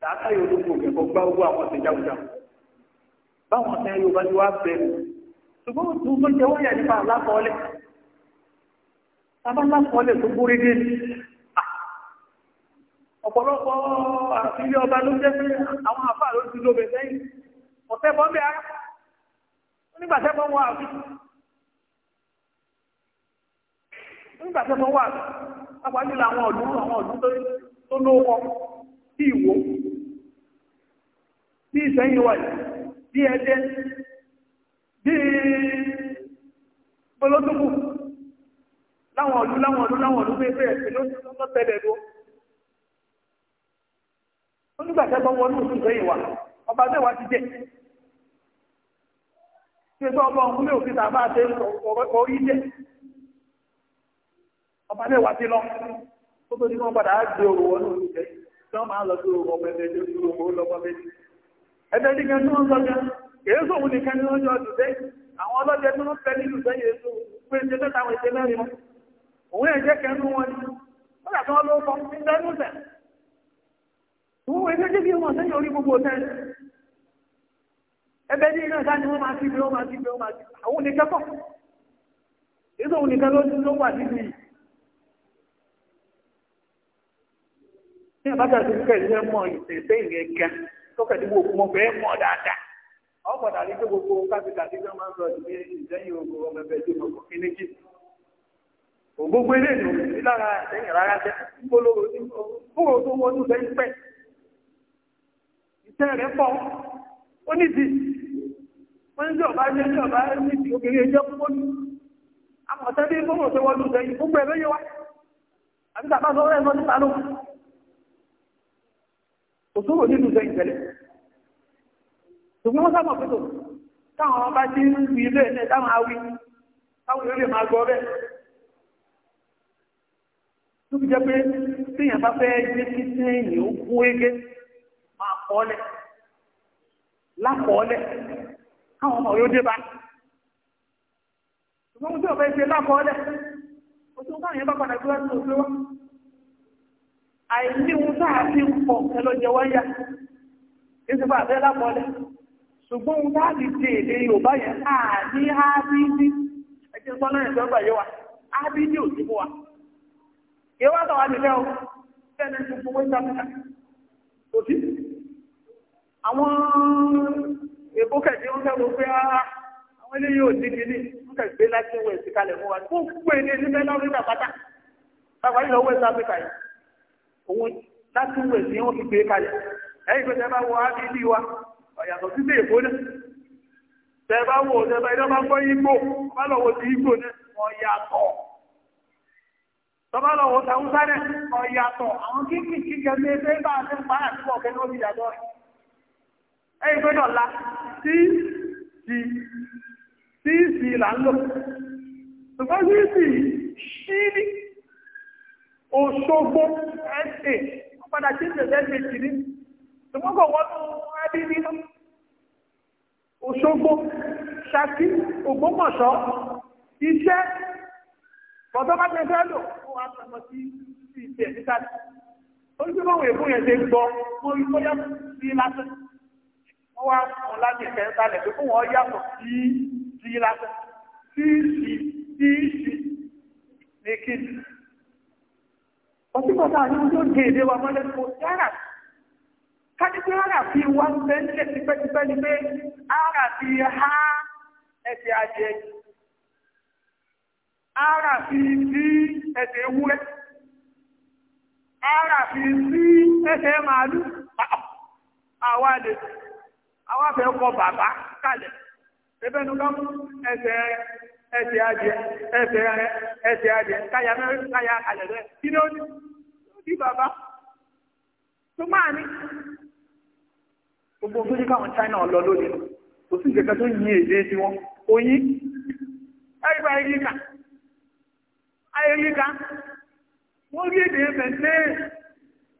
S1: làákàyè olóko mi ọgbà owó àwọn ọ̀sẹ̀ jáwéjáwé báwọn ọ̀sẹ̀ Yorùbá ti wá bẹ̀rù ṣùgbọ́n tó tó jẹ́ wọ́n yà nípa àlákọọ́lẹ̀ tábà lákọọ́lẹ̀ tó gbórí dé ọ̀pọ̀lọpọ̀ àfihàn ọba ló jẹ́ pé àwọn àfáà ló ti lóbe sẹ́yìn ọ̀sẹ̀ bọ́ bẹ́ẹ̀ ara nígbà tẹ́ fọ́n wà á nígbà tẹ́ fọ́n wà á àpájú àwọn ọdún àwọn ọdún tó lówó tí ìwò tí ìsẹ́yìn wà bí ẹjẹ́ bí bọ́lọ́dúnkù láwọn ọdún láwọn ọdún láwọn ọdún pé bẹ́ẹ̀ pẹ̀lú tọ́tẹ̀lẹ̀ lọ ó nígbàtẹ́gbọ́ wọnú òsùn sẹ́yìn wà ọba tẹ́wàá ti jẹ́ tí ó sọ ọba ọkùnrin òfin tàbá àti ọ̀rọ̀ orí jẹ́ ọba lè wá sí lọ ó tó ní wọ́n padà á gbé òwò wọn lórí ìjẹ́ tí wọ́n máa lọ sí òwò ọmọ ẹgbẹ́ tó dúró owó lọ́gbọ́n méjì ẹgbẹ́ ní kan tí wọ́n sọ gan èyí sòun nìkan ní wọ́n jọ ọdún sẹ́ àwọn ọlọ́jẹ tí wọ́n fẹ́ nílùú sẹ́ yẹn tó pé ṣe tó táwọn ìṣe mẹ́rin wọn òun ẹ̀jẹ̀ kẹnu wọn ni ó dà tí wọ́n ló fọ́ ní lẹ́nu sẹ́ wọ́n wọ ẹgbẹ́ jẹ́bi wọn sẹ́yìn orí gbogbo sẹ́ ẹgbẹ́ ní iná sáà ni wọ́n máa ti gbé wọ́n máa ti gbé wọ́n máa ti gbé àwọn nìkan kọ́ èyí sòun nìkan ló wà níbi yìí ní àbájá tó kẹ́ ìlú ẹ̀mọ́ ìṣẹ̀ṣẹ̀ ìyẹn gan tó kẹ́ni wo kún ọbẹ̀ ẹ̀mọ́ dáadáa ọ̀pọ̀dà ní tó gbogbo káfíńtà tí wọ́n máa ń sọ ìdílé ìdẹ́yìn ogun ọmọ ẹgbẹ́ tó mọ̀ kí ní jì ògbógbó ilé ìlú sí lára ẹ̀yìn rárá jẹ́ gbólóró tó wọnú lẹ́yìn pẹ́ iṣẹ́ rẹ̀ pọ̀ ó nídi wọ́n ní ọba ní ẹjọ́ ọba nídi obìnrin ẹjọ́ púpọ̀ ní àmọ̀tẹ́bí gbọ́mọ̀ tó wọnú lẹ́yìn púpọ̀ ẹ̀lẹ́yẹ wa àbí tàbá sọ ọ́rẹ́ ẹ̀mọ́ nípa lókun kò nínú sẹ́yìn tẹ́lẹ̀ ṣùgbọ́n wọ́n sábà táwọn ọba tí ń fi ilé ẹ̀ táwọn awí táwọn yóò máa gbọ́ bẹ́ẹ̀ tó fi jẹ́ pé tíyàn bá fẹ́ gbé kí sẹ́yìn ó kú égé máa kọ́lẹ̀ lákọ̀ọ́lẹ̀ káwọn ọmọ yóò dé bá ṣùgbọ́n tí ọ̀fẹ́ ṣe lákọ̀ọ́lẹ̀ òṣùwọ́n káwọn yẹn bá padà gbé wá àìsí ohun tá a fi ń pọ̀ ẹlọ́jẹ wáyà ìsìnkú àbẹ́ lápọ̀lẹ́ ṣùgbọ́n ohun tá a fi di èdè Yorùbá yẹn a ní ábídí ẹjẹ sọ́nà ẹ̀jọ́ gbà yẹ wa ábídí ò sí fún wa kí wọ́n tọ́wọ́ nílẹ̀ o fẹ́ẹ̀ni gbogbo wọ́n sáfíà kò sí àwọn èkó kẹ̀dé ń fẹ́ràn pé ah, àwọn eléyìí ò dídì ní ń kẹ̀gbé láti wọ̀ ẹ̀sìn kalẹ̀ fún wa gbogbo èdè ní mẹ́lá Áfíríkà pátá òun láti wẹ̀ sí wọ́n fi gbé kalẹ̀ ẹ̀yìn pé tẹ́ bá wọ ábí ilé wa ọ̀yàtọ̀ sí èkó náà tẹ́ bá wọ tẹ́ bá iná bá gbọ́ igbó bá lọ́wọ́ sí igbó náà wọ́n yàtọ̀ tọ́bá lọ́wọ́ sàúsá náà wọ́n yàtọ̀ àwọn kíkì kíkẹ́ lé bẹ́ẹ̀ bá tẹ́ pa àtúbọ̀ kẹ́ ní omi ìyàtọ̀ ẹ̀yìn pé dọ̀la sí sí sí sí là ń lò ṣùgbọ́n sí sí sí Òṣogbo ẹ̀sẹ̀ wọ́n padà sí ìṣẹ̀lẹ̀ méjì ní ṣùgbọ́n wọ́n tó ẹbí nínú. Òṣogbo Ṣakí Ògbómọ̀ṣọ́ iṣẹ́ bọ̀dọ́ bá ti fẹ́ lò ó wà pẹ̀lú sí ìṣẹ̀ níta. Olúgbọ́n wèé fún yẹn ṣe gbọ́ mọ́ ikọ́ yàtọ̀ sí lásán. Wọ́n wá fún láti ìfẹ́ sálẹ̀ pé fún wọn yàtọ̀ sí sí lásán. Sí sí sí sí ní kíni ọtíkọ̀tà ní ojú òjì èdè wa mọ́lẹ̀ kò yára kájí pé ara fi wá ń bẹ́ nílẹ̀ tipẹ́tipẹ́ ni pé ara fi há ẹsẹ̀ adìẹ ara fi sí ẹsẹ̀ ewúrẹ́ ara fi sí ẹsẹ̀ màálù àwa lè àwa fẹ́ kọ bàbá kalẹ̀ ẹbẹ́nu ká mú ẹsẹ̀ rẹ̀. ẹsẹ̀ adìẹ ẹsẹ̀ rẹ ẹsẹ̀ adìẹ káyà mẹ́rin káyà kalẹ̀ rẹ kí ni ní bàbá tó máa ní. gbogbo China lọ lónìí kò sí ìjẹta tó yin èdè tiwọn oyin ẹgbẹ́ ayélujá ayélujá wọ́n rí èdè mẹ́tẹ́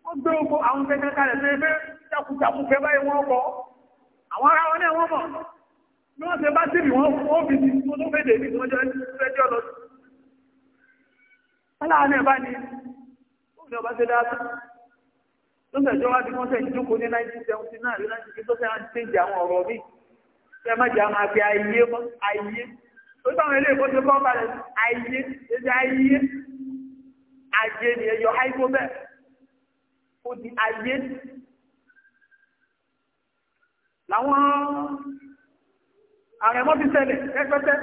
S1: wọ́n gbé ogun àwọn kẹ́kẹ́ kalẹ̀ fẹ́ẹ́ ní wọ́n ṣe bá tìrì wọ́n ó fi ti tó tó fèdè ní wọ́n jẹ́ fẹ́jọ́ lọ aláàánú ẹ̀bá ni òun ni ọba ṣe dáadáa tó sẹ̀jọ́ wá bí wọ́n sẹ̀ jókòó ní 1979 rí 1980 tó sẹ̀ ń àwọn ọ̀rọ̀ mi ṣe má jẹ́ àmà fi ayé mọ́ ayé tó sáwọn ilé ìkọ́ ṣe kọ́ balẹ̀ ayé ṣe ayé ajé ni ẹyọ àìkó bẹ́ẹ̀ ó di ayé làwọn ààrẹ mọ́ ti ṣẹlẹ̀ ẹgbẹ́tẹ́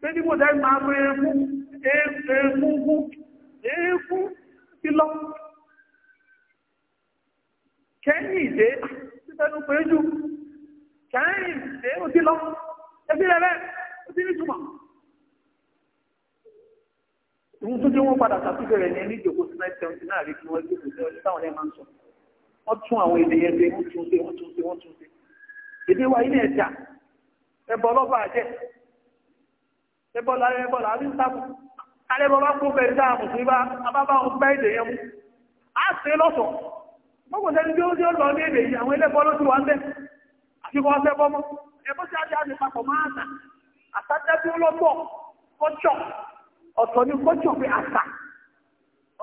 S1: pé ní mọ́tẹ́ máa pé eégún eégún ti lọ kẹ́yìn ìdé títẹ́nu pé jù kẹ́yìn ìdé ó ti lọ ẹbí rẹ̀ rẹ̀ ó ti ní túmọ̀ ìwọ̀n tó jẹ́ wọ́n padà sàtúgbẹ̀ rẹ̀ ní ẹni ìjòkó sí 1979 rí kí wọ́n jẹ́ kò sí ọdún táwọn ẹ̀ máa tún àwọn èdè yẹn pé wọ́n tún ṣe wọ́n tún ṣe wọ́n tún ṣe èdè wa ilé ẹ̀dá ẹbọ lọ́fà jẹ́ ẹbọ láyé ẹbọ láyé ń sábà alẹ́bọ̀ bá kó bẹ̀rẹ̀ dáa mùsùlùmí bá abábá wọn bá èdè yẹn mú á sí lọ́sọ̀ mọ́kò sẹ́ni tí ó tí ó lọ ní èdè yìí àwọn ẹlẹ́bọ̀ ló ti wà ń bẹ́ àti kọ́ ọ̀sẹ̀ bọ́mọ́ ẹbọ́ sí ajá ti papọ̀ máa tà àtàtà tí ó lọ́pọ̀ kọ́jọ́ ọ̀sọ̀ ni kọ́jọ́ pé àṣà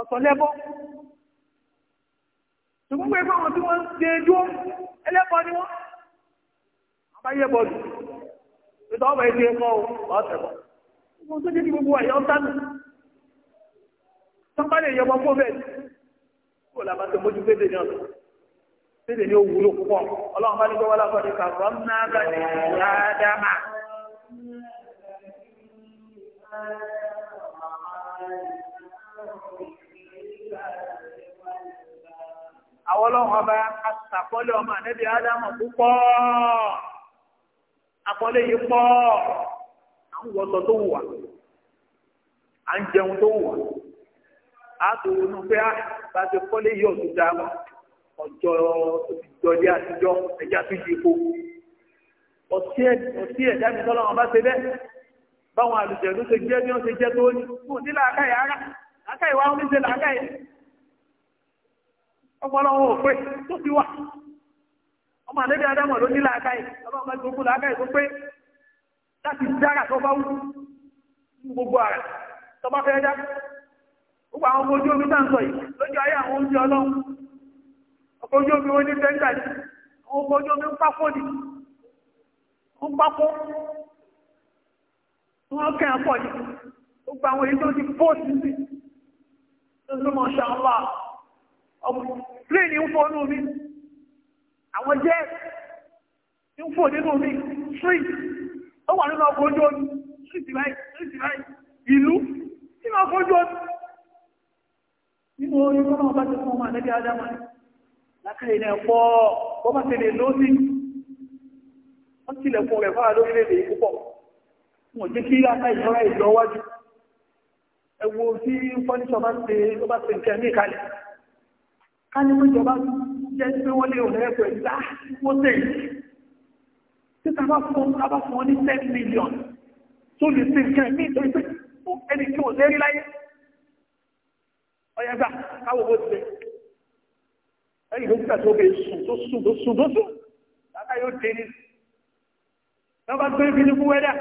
S1: ọ̀sọ̀ lẹ́bọ́ ṣùgbọ́n pé fáwọn tí wọ́n ń ṣe dúró ẹlẹ́bọ̀ ni wọ́n àbáyé bọ́ọ̀lù nítorí ọmọ ẹgbẹ́ ẹ̀kọ́ ọ̀sẹ̀ bọ̀. Mo tó jẹ́ kí gbogbo ẹ̀yọ́ sánú. Sọ́pá lè yọ ọmọ fún bẹ́ẹ̀. Kó o làbá tó mójú pété ní ọ̀sán. Pété ní òwúrò púpọ̀. Ọlọ́run bá ní gbọ́ wọlé ọkọ̀ ní kàfọ́ Àwọn ọlọ́run ọba aṣàkọ́lé ọmọ ànẹ́bí Ádámà púpọ̀. àkọlé yìí pọ̀ à ń tó à jẹun tó a tó ronú pé ah, a bá ti kọ́lé yìí ọ̀tún dá ọjọ́ ìjọlé àtijọ́ ẹja tó yí epo ẹ̀dá mi wọn bá ṣe bẹ́ báwọn ṣe jẹ́ bí ara làákàyè wa ń ṣe làákàyè ọpọlọ wọn ò pé ọmọ àlébí adámọ̀ ló ní làákàyè ọlọ́run bá gbogbo làákàyè tó pé láti dára tó bá wù ní gbogbo ara tó bá fẹ́ dá gbogbo àwọn ọmọ ojú omi tá ń sọ yìí lójú ayé àwọn oúnjẹ ọlọ́run ọkọ̀ ojú omi wọn ní fẹ́ńtà ni àwọn ọkọ̀ ojú omi ń pákó ni ń pákó wọ́n kẹ́ ọ̀pọ̀ ní gbogbo àwọn èyí tó ti pọ́ọ̀tì sí lọ́sọ́mọ̀ ṣàlá ọ̀pọ̀ pléènì ń fọ́nú mi àwọn jẹ́ tí ń fò nínú mi street ó wà nínú ọkọ̀ ojú omi street right street right ìlú nínú ọkọ̀ ojú omi nínú orí ọmọ ọba ti fún ọmọ àdẹ́bí adama lákàrí ilẹ̀ pọ̀ bọ́bá ti lè ló sí wọ́n ti lẹ̀kùn rẹ̀ fára lórílẹ̀-èdè púpọ̀ wọ́n jẹ́ kí láta ìjọra ìlọ́wájú ẹwọ tí fọ́níṣọ́ bá ti bá ti nǹkan ní ìkalẹ̀ ká ní pé ìjọba jẹ́ pé wọ́n lè rẹ̀ pẹ̀lú láàpọ̀tẹ̀ tí tàbá fún tàbá fún ọ ní 10 million tó lè fi nǹkan ní ìtọ́ ìpé fún ẹni tí ò lérí láyé ọ̀yẹ́gbà káwọ̀ bó ti ẹni tó gbà tó bẹ sùn tó sùn tó sùn tó sùn látà yóò dé ní wọ́n bá gbé ibi ní fún wẹ́dà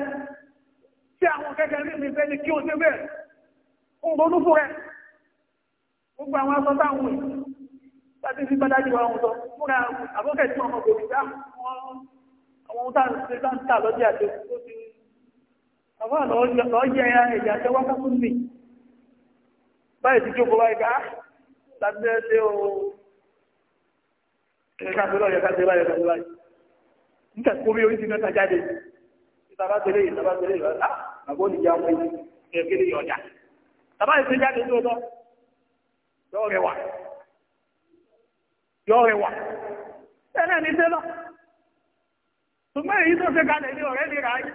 S1: tí àwọn kẹ́kẹ́ ní ìfẹ́ ni kí o ṣe bẹ́ẹ̀ ń ronú fún rẹ̀ gbogbo àwọn aṣọ táwọn èèyàn láti fi bádájú wa wọn sọ múra àbọ́kẹ̀ tí ọmọ kò dá àwọn ohun tàbí tán tà lọ́jẹ́ àti tó àwọn lọ́jẹ́ ẹ̀yà tẹ́ wákàtí mi báyìí ti jókòó wáyé ká láti ẹsẹ̀ o ẹ̀ka tó lọ́yẹ̀ káṣẹ́ báyìí káṣẹ́ báyìí nígbà tó rí oríṣi mẹ́ta jáde ìtàbá tẹ̀lé ìtàbá tẹ̀lé ìrọ̀lá ah, àbó nìjà wọn ẹ̀kẹ́lẹ́ ọjà tàbá ìfẹ́ jáde tó lọ lọ́rẹ̀ wà yọ rẹwà tẹ́lẹ̀ ní tẹ́lọ̀ ṣùgbọ́n èyí tó ṣe kalẹ̀ ní ọ̀rẹ́ nira ayé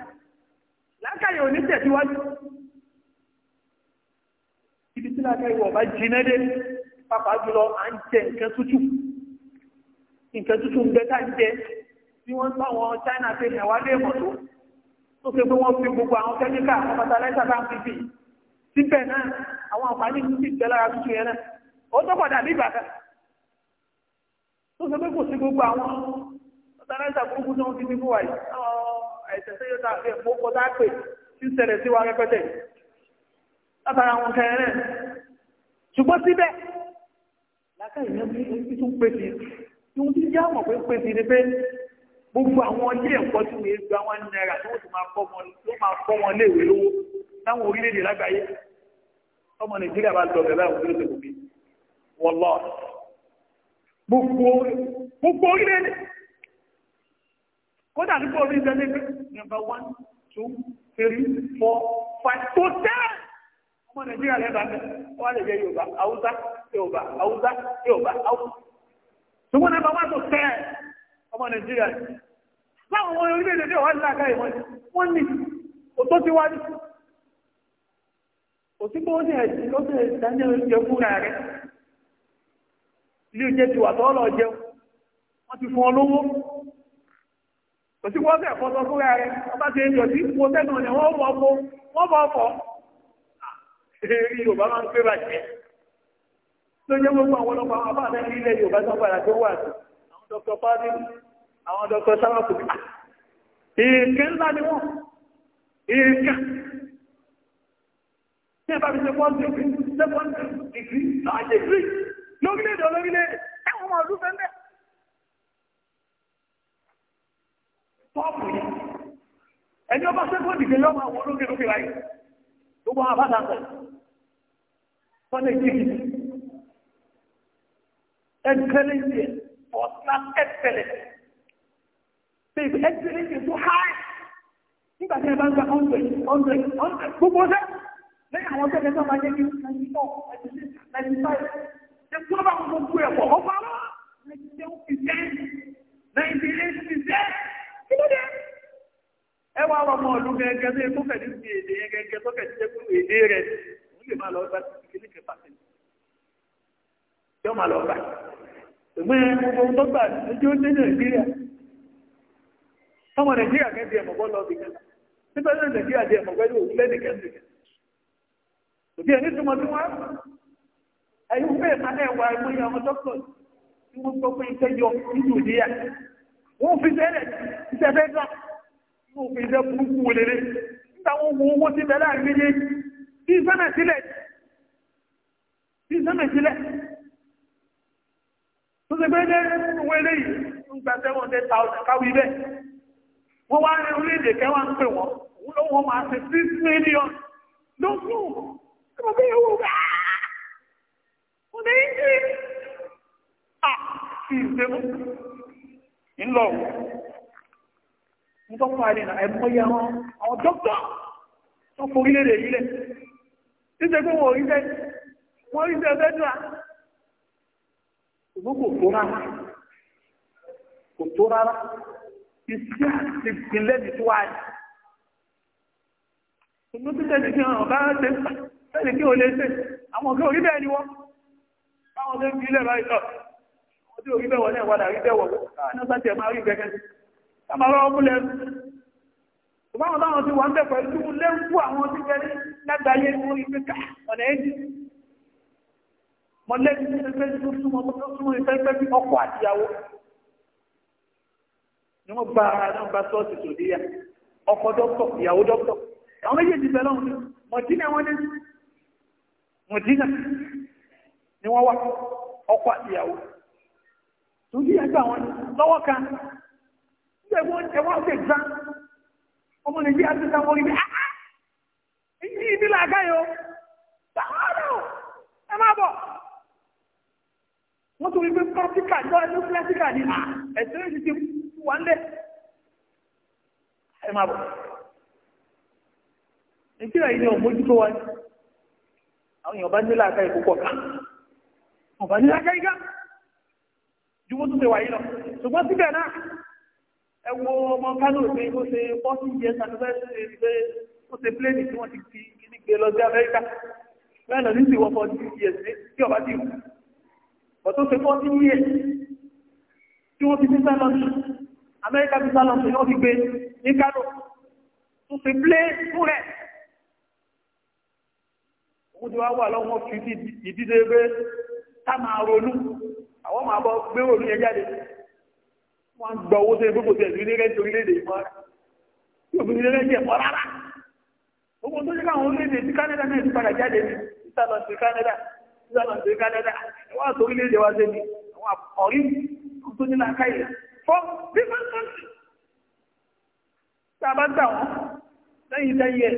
S1: lákàyè ò ní tẹ̀síwájú ibi tí lákàyè wọ̀ bá jiná dé pàpà jùlọ à ń jẹ nǹkan tútù nǹkan tútù ń bẹ́tà ń jẹ bí wọ́n táwọn China ṣe hẹ̀wá lé mọ́tò tó ṣe pé wọ́n fi gbogbo àwọn kẹ́míkà àwọn fatalaisa bá ń fi bì síbẹ̀ náà àwọn àǹfààní ti tẹ́lára tútù yẹn náà ó tó padà ní ìbàdàn tó sọ pé kò sí gbogbo àwọn ọ̀tàrẹ́sà burúkú tó ń fi fífún wa yìí àìsàn tó yóò tàbí ẹ̀fọ́ kọ́ tá pè tí ń sí wa rẹpẹtẹ látara àwọn kẹrin rẹ̀ ṣùgbọ́n síbẹ̀ lákà ìyẹn bí tún pè sí ohun tí yá mọ̀ pé pè sí ni pé gbogbo àwọn ilé ẹ̀kọ́ tí wọ́n gba wọn náírà tí wọ́n ti máa kọ́ wọn léèwé lówó láwọn orílẹ̀-èdè lágbàáyé ọmọ Nàìjíríà bá lọ bẹ̀rẹ̀ àwọn orílẹ̀-èdè gbogbo gbogbo orílẹ̀-èdè kódà nípa orílẹ̀-èdè number one two three four five to ten ọmọ nàìjíríà lẹ́bàá mẹ́ wọ́n lè jẹ́ yorùbá haúsá yorùbá haúsá yorùbá haúsá ṣùgbọ́n number one to ten ọmọ nàìjíríà láwọn ọmọ orílẹ̀-èdè wà ní àkáyè wọn wọ́n ní òtó ti wájú òtí bó ní ẹ̀sìn lọ́sẹ̀ ìdájọ́ ìjẹkúra rẹ̀ ilé oúnjẹ ti wà tọ́lọ̀ jẹun wọ́n ti fún ọ lówó kò sí wọ́n fẹ́ fọ́tọ́ fún rẹ̀ ọba ti ẹjọ́ sí ipò tẹ́nu ọ̀nà wọ́n mọ̀ ọkọ wọ́n mọ̀ ọkọ̀ eré Yorùbá máa ń pé bàjẹ́ ló jẹ́ gbogbo àwọn ọlọ́pàá àwọn àbáàdá ní ilẹ̀ Yorùbá tó padà tó wà sí àwọn dr fadé àwọn dr sáwàkù èèkè ńlá ni wọ́n èèkè tí ẹ bá fi ṣe pọ́ńtì ṣe pọ́ńtì dìgírí àjẹgírí lórílẹ̀-èdè olórílẹ̀-èdè ẹ̀wọ̀n ọmọ ọdún fẹ́ńdẹ̀. tọ́ọ̀pù yẹn ẹni ọba sẹ́kọ̀ọ́ dìde lọ́mọ àwọn olókè lókè láyé gbogbo àwọn abáta sọ fọ́nà ìjìnlẹ̀ ẹgbẹ́lẹ́sì fọ́sílá ẹgbẹ́lẹ̀ bẹ́ẹ̀ ẹgbẹ́lẹ́sì tó háì nígbà tí ẹ bá ń gba ọ̀ndẹ̀ ọ̀ndẹ̀ ọ̀ndẹ̀ gbogbo ọ̀sẹ̀ lẹ́yìn àwọn ọ̀sẹ̀ kẹta máa jẹ́ kí 94 95 ẹ̀kọ́ bá gbogbo ẹ̀kọ́ ọba lọ ninety seven percent ninety eight percent kí ló dé. ẹ wá wọ ọmọ ọdún gẹ́gẹ́ tó yẹ kó fẹ̀lú ti èdè yẹn gẹ́gẹ́ tó fẹ̀lú tẹ́kù èdè rẹ̀ ó lè máa lọ bá kékeré kẹfà sí i. yọ máa lọ bá ṣùgbọ́n gbogbo tó gbà lójú ní nàìjíríà ọmọ nàìjíríà kẹ́ di ẹ̀mọ̀gbọ́ lọ lọ bìkan òbí ẹni ẹ̀yìn bẹ́ẹ̀ máa ẹ̀wà ìwòye àwọn dókítà tí wọ́n gbọ́ pé iṣẹ́ yọ nínú ìdíyà wọ́n fi sẹ́lẹ̀ iṣẹ́ fẹ́ gbà wọ́n fi iṣẹ́ burúkú wọlé lé nígbà wọn wo owó ti bẹ̀rẹ̀ àrí méjì tí sẹ́mẹ̀ sílẹ̀ tí sẹ́mẹ̀ sílẹ̀ tó ṣe pé lé wẹ́lẹ́ yìí ń gba seven hundred thousand káwí bẹ́ẹ̀ wọ́n wá rẹ orílẹ̀-èdè kẹwàá ń pè wọ́n òun ló wọ́n máa ṣe six million lóṣù ọmọ bẹ́ẹ̀ wọ́n rà á ó lè à sí ìṣẹ́gun ńlọ ní tọ́pọ̀ àrẹ náà ẹ̀mọ́yẹ àwọn dókítà tó forílẹ̀-èdè yìí lẹ̀ nítorí wọn rí wọ́n rí bẹ́ẹ̀ bẹ́ẹ̀ tó rárá kò tó rárá iṣẹ́ àti ìpínlẹ̀ ní wáyé ṣùgbọ́n títẹ̀ ní kí wọn bá ṣe ṣe àwọn Báwọn tó ń fi ilẹ̀ báyìí lọ, wọ́n tí orí bẹ̀wọ̀ náà wà láàrí bẹ̀wọ̀, káàkiri ọ̀sán tẹ̀ máa rí gẹ́gẹ́. Táàmà rọ́ mú lẹ́nu. Ṣùgbọ́n báwọn tí wọ́n ń bẹ̀pẹ̀ tí mú lẹ́rú fún àwọn tí jẹ́ lágbàáyé fún ìpé ká ọ̀nà ẹ́jì. Mọ̀lẹ́bí tí ó fẹ́ tó súnmọ́ tó súnmọ́ ìfẹ́ fẹ́ fi ọkọ àtìyàwó. Ni wọ́n gba ara náà bá sọ́ọ̀tì tòdí yá. Ọkọ dọ́kítọ̀, ìyàwó dọ́kítọ̀. Àwọn méjèèjì bẹ̀rẹ̀ ọ̀hún. Mọ̀tínà wọn dé. Mọ̀tínà ni wọ́n wá ọkọ àtìyàwó tòbí ẹgbẹ́ àwọn lọ́wọ́ kan ẹwọ́n ẹwọ́n ṣe gbá ọmọ nàìjíríà ti sáwọn orí bí áá ah, ah, ìyí ìdí làgáyò sàárò ẹ máa bọ̀ wọ́n tó rí pé pàtíkà jọ ẹni pàtíkà ní ẹ̀sẹ̀ èsì ti wà ń lẹ̀ ẹ máa bọ̀ nàìjíríà yìí ni ọmọ ojútó wa àwọn èèyàn bá nílà àkáyè púpọ̀ kan ọ̀bá ní lágẹ́gá ju bó ṣe wà lọ ṣùgbọ́n síbẹ̀ náà ẹ ọmọ kánò pé ó ṣe fọ́sí yẹ sanfẹ́ ṣe pé ó ṣe pléènì tí wọ́n ti fi kíní gbé lọ sí amẹ́ríkà bẹ́ẹ̀ lọ nítorí wọ́n fọ́sí yẹ sí tí ọba ti wù tó ṣe fọ́sí yẹ tí wọ́n ti fi sálọ sí amẹ́ríkà fi sálọ sí wọ́n ti gbé ní kánò tó ṣe pléènì fún rẹ̀ òun ti wá wà lọ́wọ́ fi ìdíje pé tá máa ronú àwọn máa bọ́ gbé ronú yẹn jáde wọ́n gbọ́ owó sẹ́yìn gbogbo tẹ̀sí ní rẹ́ńtì orílẹ̀-èdè ìmọ̀ yóò fi ní rẹ́ńtì ẹ̀kọ́ rárá gbogbo tó ṣẹ́ka àwọn orílẹ̀-èdè tí Canada náà ti padà jáde ní sísàlọ̀ sí Canada sí Canada àti orílẹ̀-èdè wa àwọn ọ̀rí tó fọ́ tá a bá wọ́n lẹ́yìn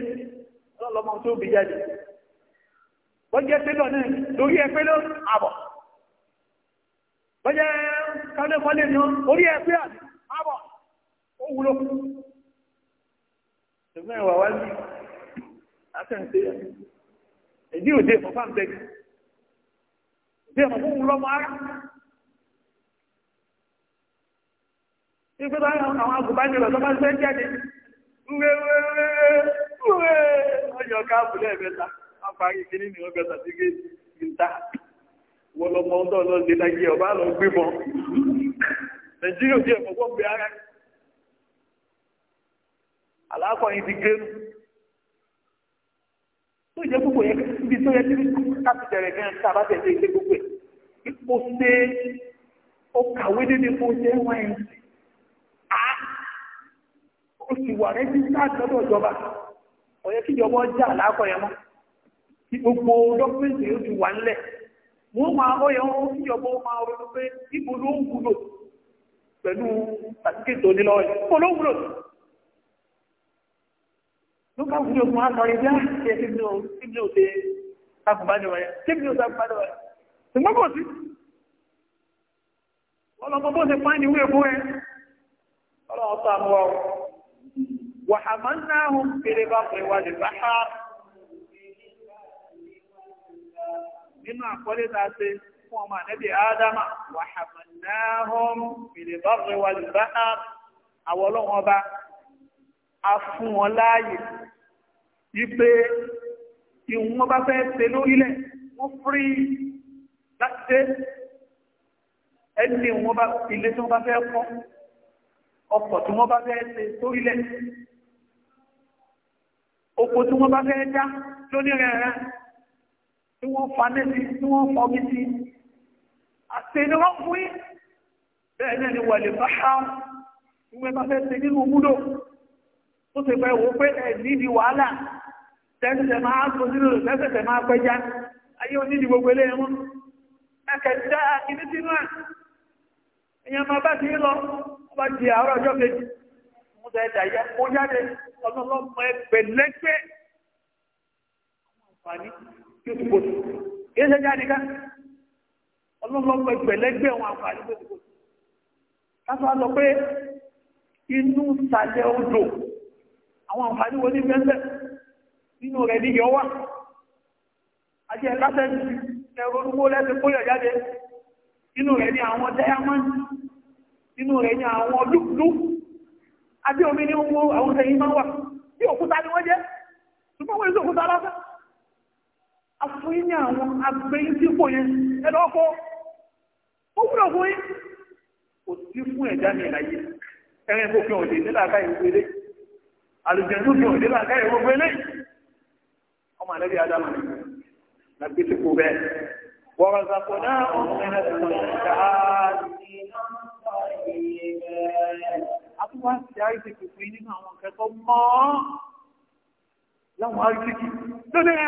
S1: bọ́jẹ́ tẹ́lọ̀ náà lórí ẹgbẹ́ ló àbọ̀ bọ́jẹ́ kálẹ́kọ́lẹ́ ní orí ẹgbẹ́ àbọ̀ ó wúlò ṣùgbọ́n ìwà wá ní àtẹ̀ǹtẹ̀ ìdí òde ìfọ̀fà ń bẹ̀gì ìdí ìfọ̀fà ń lọ́mọ ara ìgbẹ́ bá àwọn agùnbánirọ̀ tó bá ń fẹ́ jáde wéwéwé wé ọjọ́ káàbù lẹ́ẹ̀mẹ́ta wọ́n parí kíní ni wọ́n gbẹ́sà sí géèjì níta wọ́n lọ mọ ọ́tọ́ lọ sí láyé ọba lọ gbé mọ́ nàìjíríà ò tiẹ̀ fọwọ́ gbé ara àlàáfọ̀ yìí ti gé tó jẹ́ gbogbo yẹn ibi tó yẹ kí káàpì tẹ̀rẹ̀ kan tá a bá tẹ̀lé ilé gbogbo ẹ̀ ipò ṣe ó kàwé dédé fún ṣe wọ́n ẹ̀ ó sì wà rẹ́jísítà lọ́dọ̀ ìjọba ọ̀yẹ́ kíjọba ọjà àlàáfọ̀ yẹn mọ́ tí gbogbo dọ́kúmẹ́ntì yóò ti wà ńlẹ̀ wọ́n máa ọyọ̀ wọn fi ọgbọ́n máa ronú pé ibo ló ń wúlò pẹ̀lú sàtíkètò onílọ́wọ́ ibo ló ń wúlò ló ká wúlò fún àtàrí bí àṣẹ tí mi ò tí mi ò ṣe àgùnbánirọ̀ yẹn tí mi ò ṣe àgùnbánirọ̀ yẹn ṣùgbọ́n kò sí ọlọ́mọ bó ṣe fáìní ìwé fún ẹ ọlọ́mọ sọ àmúwá wàhámánáhùn fèrè bá pè wá lè bá ṣáà nínú àkọlé tá a ṣe fún ọmọ ànẹ́bí ádámà wà hàmànáhùn fìlìbọ́rẹ̀ wà lùbáà àwọn ọlọ́wọ́n ọba a fún wọn láàyè wípé tí wọ́n bá fẹ́ ṣe lórílẹ̀ wọ́n fírí láti ṣe ẹni wọ́n bá ilé tí wọ́n bá fẹ́ kọ́ ọkọ̀ tí wọ́n bá fẹ́ ṣe sórílẹ̀ oko tí wọ́n bá fẹ́ já lónírẹ̀ẹ́rẹ́ tí wọ́n fa nẹ́sí tí wọ́n fọ́ bí sí àti ni wọ́n fún yín bẹ́ẹ̀ náà ni wọ̀lẹ̀ bá ṣá ìwé bá fẹ́ ṣe nínú múlò tó ṣe pẹ́ wò pé ẹ̀ nídi wàhálà tẹ́sẹ̀ máa sọ sínú rẹ̀ tẹ́sẹ̀ máa pẹ́já ayé onídi gbogbo ilé wọn ẹ̀kẹ̀ ti dá akíní sínú ẹ̀ èèyàn máa bá ti ń lọ wọ́n bá di àárọ̀ ọjọ́ kejì mo sọ ẹ̀dà yẹ kó jáde ọlọ́lọ́mọ ẹgbẹ̀lẹ́gbẹ̀ àwọn kìtìkòtì kìí ṣe jáde ká ọlọ́lọ́gbọ̀ ìgbẹ̀lẹ́gbẹ̀ wọn àǹfààní kìtìkòtì kásọ sọ pé inú sàlẹ̀ odò àwọn àǹfààní wo ní fẹ́ńsẹ̀ nínú rẹ̀ ní yọwà àti ẹ̀kásẹ̀ ẹ̀rọ olúgbó lẹ́sẹ̀ kóyọ̀ jáde inú àwọn diamond máa wà òkúta ni wọ́n jẹ́ ṣùgbọ́n wọ́n òkúta afúnyí ní àwọn agbẹ́yìn tí kò yẹn ẹlọ́kọ́ ó wúlò fún yí kò sí fún ẹ̀dá ní ìlàyé ẹ̀rẹ́ kò fi òdè nílà ká ìwé lé àlùjẹ̀nú fi òdè nílà ká ìwé lé ọmọ àlẹ́bí adama na pété kò bẹ́ẹ̀ wọ́rọ̀ zàpọ̀ náà ọmọ ẹ̀rẹ́ tó ń ṣe àtúwá sí àìsèkì fún yí nínú àwọn kẹ́kọ̀ọ́ mọ́ láwọn àìsèkì lónìí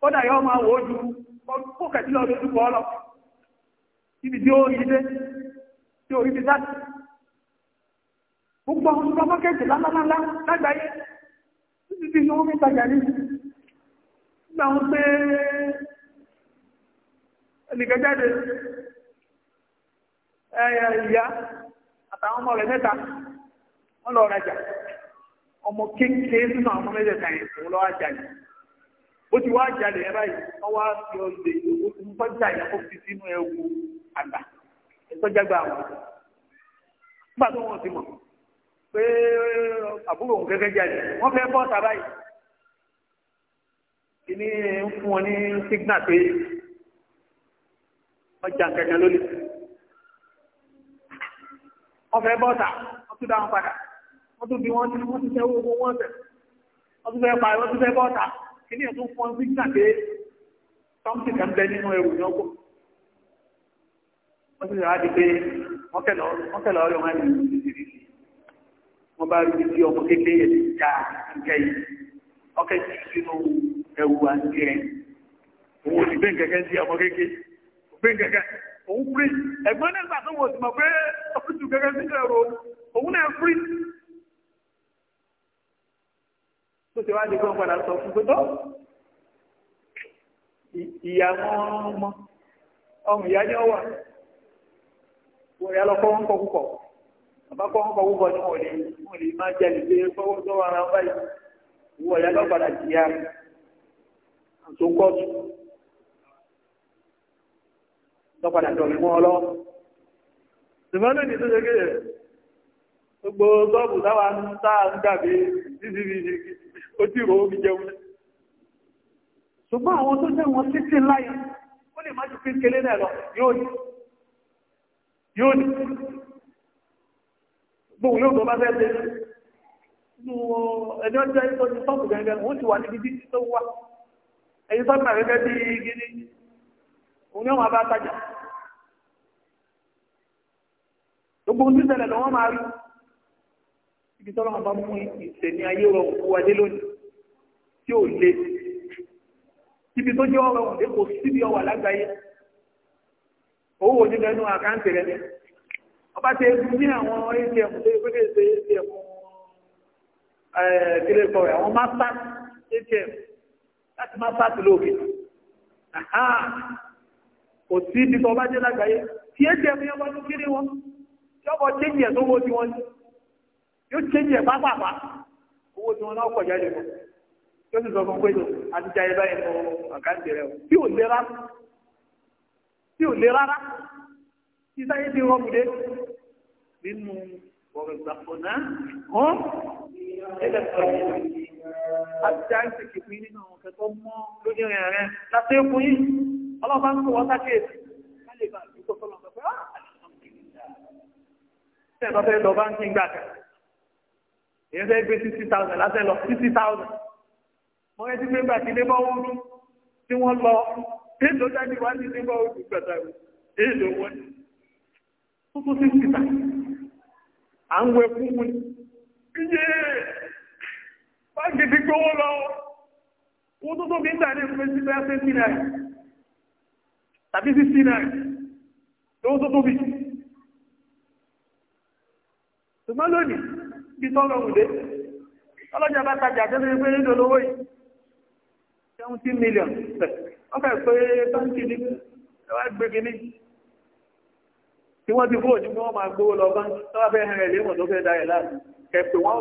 S1: kódà yọ máa wò ó ju kó kẹ̀sí lọ lójú kọ́ lọ ibi tí ó rí dé tí ó rí ti sáà lálálálá lágbàáyé títí tí ó rí ní wọn pé ẹnìkẹjáde ìyá àtàwọn ọmọ rẹ̀ mẹ́ta lọ rajà ọmọ kéńkéé ó ti wá jalè ẹ báyìí wọ́n wá fi ọ̀dẹ̀ ìdòwò tó ń tọ́jà yẹn kó fi sínú ẹ̀wù àgbà ìtọ́jàgbà àwọn nígbà tó wọn ti mọ̀ pé àbúrò òun gẹ́gẹ́ jalè wọ́n fẹ́ bọ́ sábà yìí kìíní ń fún wọn ní sígínà pé wọ́n jà kankan lólè wọ́n fẹ́ bọ́ sá wọ́n tún dá wọn padà wọ́n tún bí wọ́n ti wọ́n ti fẹ́ owó wọ́n tẹ̀ wọ́n tún fẹ́ parí wọ́n tún fẹ́ bọ́ sá kí ni ẹ̀tún fún ọdún ìgbàgbé tọ́mtì kan bẹ nínú ẹrù ní ọkọ̀ wọ́n sì rà á di pé wọ́n kẹ̀lọ́ ọ̀rọ̀ wọn ní ìrírí wọ́n bá rí bí ọmọ kékeré yẹn ti ja nǹkẹ́ yìí ọkẹ́ ti sínú ẹrù àti rẹ̀ òun ò sì gbé nǹkẹ́kẹ́ sí ọmọ kékeré gbé nǹkẹ́kẹ́ òun fúri ẹ̀gbọ́n náà gbà tó wọ̀ sí mọ̀ pé ọkùnrin gẹ́gẹ́ sí ẹrù òun náà fúri tó ti wá di gbọ́n padà sọ fún gbọ́dọ̀ ìyàwó ọmọ ọmọ ìyá ni ọ wà wọ́n yà lọ kọ́ wọn kọ́ púpọ̀ bàbá kọ́ wọn kọ́ púpọ̀ ni wọ́n lè wọ́n lè máa jẹ́ lè gbé fọwọ́ tó wà ara báyìí wọ́n yà lọ padà jìyà àti kọ́ọ̀tù lọ padà dọ̀mí mọ́ ọ lọ. ṣùgbọ́n lónìí tó ṣe kéde gbogbo gọ́ọ̀bù táwa ń tá ń dàbí cctv ó ti rò ó fi jẹun ṣùgbọ́n àwọn tó jẹ́ wọn títí láyé ó lè má ju kékeré náà lọ yóò ní yóò ní gbogbo yóò tó bá fẹ́ tẹ́lẹ̀ nínú ẹjọ́ jẹ́ ìtọ́jú sọ́ọ̀bù gẹ́gẹ́ wọ́n ti wà níbi títí tó wà ẹ̀yìn sọ́ọ̀bù náà ibi tọ́lọ́ wọn bá mú ìṣẹ̀ ní ayé rọrùn kó wáyé lónìí tí ò le ibi tó jẹ́ ọrọ̀ òde kò síbi ọwà lágbàáyé owó òde lẹ́nu àkáǹtì rẹ̀ ọba ti ebi ní àwọn atm tó yẹ kéde ṣe atm kílẹ̀ kọ rẹ̀ àwọn masters atm láti masters lóògì kò sí ibi tó ọba jẹ́ lágbàáyé tí atm yẹn wọ́n tún kiri wọn tí ọkọ̀ change ẹ̀ tó wó sí wọn ni yóò change ẹ̀ pápápá owó tí wọn náà kọ̀ jáde fún yóò sì sọ fún pé àti jayé báyìí fún àkáǹtì rẹ tí ò lé rárá tí ò lé rárá tí sáyé ti rọrùn nínú ọ̀rọ̀ ìgbàfọ̀nà hàn ẹ̀dẹ̀ pẹ̀lú àti jayé ti kìí nínú ọ̀kẹ́ mọ́ lójú rẹ̀ rẹ̀ láti ẹkùn yìí ọlọ́pàá ń kó wọ́n sákèésì ká lè bá àdúgbò tó lọ́pàá pé á àdúgbò tó lọ́pàá èyí fẹ́ gbé sixty thousand lásẹ̀ lọ sixty thousand mo rẹ́ ti gbé gbà tí lébọ́ wọn bí tí wọ́n lọ èlò jáde wá ní lébọ́ wọn bí gbàtà rẹ̀ èlò wọn tó tó sixty thousand à ń wẹ fún mi iye báńkì ti gbówó lọ wọ́n tó tó bí ń gbà ní ìfúnpẹ́ sí bẹ́ẹ̀ fifty nine tàbí sixty nine lówó tó tóbi ṣùgbọ́n lónìí. bí tó lọ́rùn dé ọlọ́jà bá tajà tó lè pé nílò lówó yìí 70 million ọkà pé tọ́ǹkì ní ẹwà ní tí wọ́n ti kúrò ní wọ́n máa gbówó lọ báńkì tọ́wọ́ fẹ́ hẹ̀rẹ̀ lé mọ̀tò fẹ́ dáyẹ̀ láti kẹ̀pẹ̀ wọ́n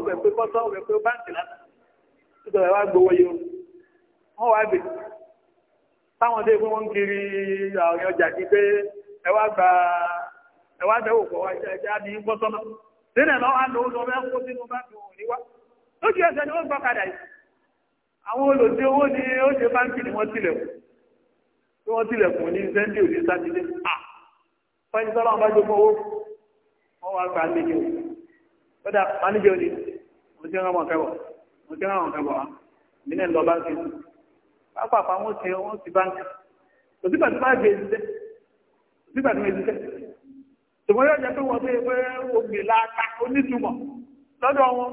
S1: fẹ́ pé sílẹ̀ lọ́wọ́ lówó lọ́wọ́ bẹ́ẹ̀ kó sínú báńkì òun níwá lójú ẹsẹ̀ ni wọ́n gbọ́kadà yìí àwọn olùsí owó ni ó ṣe báńkì ni wọ́n tilẹ̀kùn tí wọ́n tilẹ̀kùn ní sẹ́ńdì òní sátidé à fẹ́ni sọ́lá wọn bá jogún owó wọ́n wá gba àlejò kódà máníjọ ni mo ti rán wọn kẹwọ mo ti rán wọn kẹwọ wa mi náà lọ báńkì pápá àwọn ti wọn ti báńkì kò sígbà tí bá gbé ìdílé e kò sígbà tí mo ṣùgbọ́n yóò jẹ́ pé wọ́n tó yẹ omi láta onítùmọ̀ lọ́dọ̀ wọn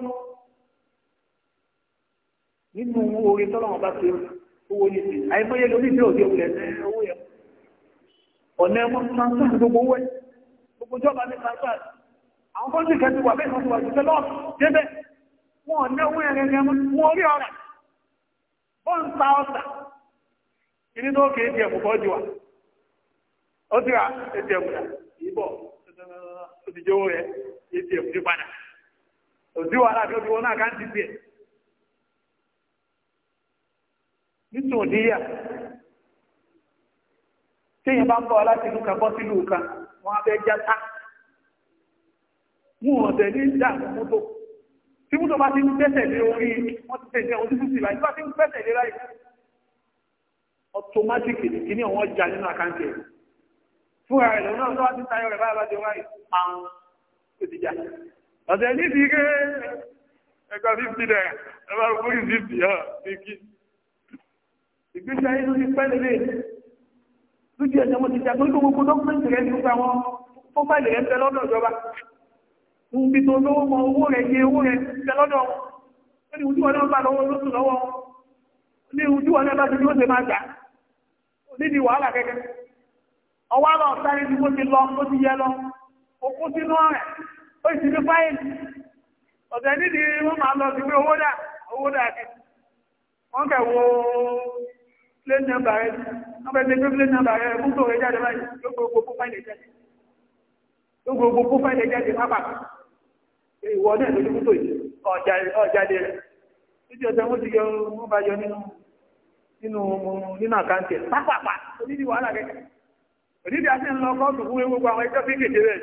S1: nínú orin tọ́lọ́wọ́n bá ṣe owó yìí sí lórí ìdí gbogbo owó ẹ̀ gbogbo jọba ní transfer àwọn kọ́ńtì kẹ́tì wà bẹ́ẹ̀ kọ́ńtì wà débẹ̀ wọn owó ẹ̀rẹ̀ ẹ̀rẹ̀ wọn orí ń ta ọ̀sà ó ti jówó rẹ̀ atm ti padà òsì wàhálà tó ti wọ́n náà ká ń ti tiẹ̀ nítorí òdíyà téèyàn bá ń bọ̀ láti inú kan bọ́ sílùú kan wọ́n á fẹ́ já tá mú ọ̀tẹ̀ ní ìdáàmú mọ́tò tí mọ́tò bá ti ń gbẹ́sẹ̀ lé orí wọ́n ti tẹ̀sẹ̀ ohun títí ìbáyé bá ti ń gbẹ́sẹ̀ lé láì automatic kìnnìkìnnì àwọn ọjà nínú àkáǹtì ẹ̀yìn fúnra ọ̀sẹ̀ ní ti ké ẹgbẹ́ fífi dẹ̀ ẹ bá fún ìfífi hàn ah, ní kí ayé ló ti pẹ́ lélẹ̀ lójú ẹ̀jẹ̀ mo ti jà gbogbo dọ́kúmẹ́ntì rẹ̀ nípa àwọn fọ́fáìlì rẹ̀ tẹ lọ́dọ̀ ìjọba níbi tó lówó mọ owó rẹ̀ yẹ owó rẹ̀ tẹ lọ́dọ̀ wọn ó ní ojú wọn náà bá lọ́wọ́ lóṣù lọ́wọ́ ọwọ́ lọ sáré ní bó ti lọ tó ti yẹ lọ okú sínú ọ̀rẹ́ ó sì ní ọ̀sẹ̀ nídi wọ́n máa lọ sí pé owó dà owó dà ní wọ́n kẹ̀ wo plane number rẹ̀ wọ́n fẹ́ ṣe pé plane number jáde báyìí ló gbogbo jáde ló gbogbo jáde pápá ìwọ náà ló dúkú tó yìí títí ti yọ bá yọ nínú nínú nínú àkáǹtì òdídì àti ń lọ kọ́ọ̀tù fún gbogbo àwọn ẹjọ́ kéékèèké rẹ̀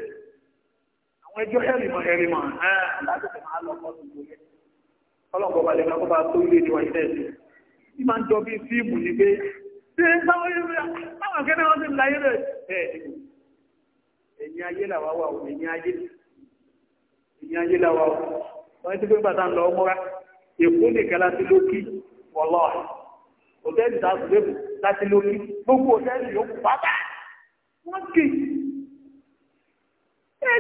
S1: àwọn ẹjọ́ ẹ̀rìmọ̀ ẹ̀rìmọ̀ láti fi máa lọ kọ́ọ̀tù fún rẹ̀ ọlọ́pọ̀ balẹ̀ máa kọ́ba tó ilé ìdíwà ilẹ̀ ẹ̀sìn tí máa ń jọ bí fíìmù ní pé ṣé báwọn akẹ́kẹ́ wọn ti ń láyé rẹ̀ bẹ́ẹ̀ ẹ̀yìn ayé làwa wà ó ẹ̀yìn ayé ẹ̀yìn ayé làwa ó wọ́n ti pé bàtà ń lọ ọmọra èkó nìkan láti lókì wọ́lọ́ọ̀ òtẹ́ẹ̀lì tá a sùn lébù láti lókì gbogbo òtẹ́ẹ̀lì yóò pátá wọ́n kì í ẹ̀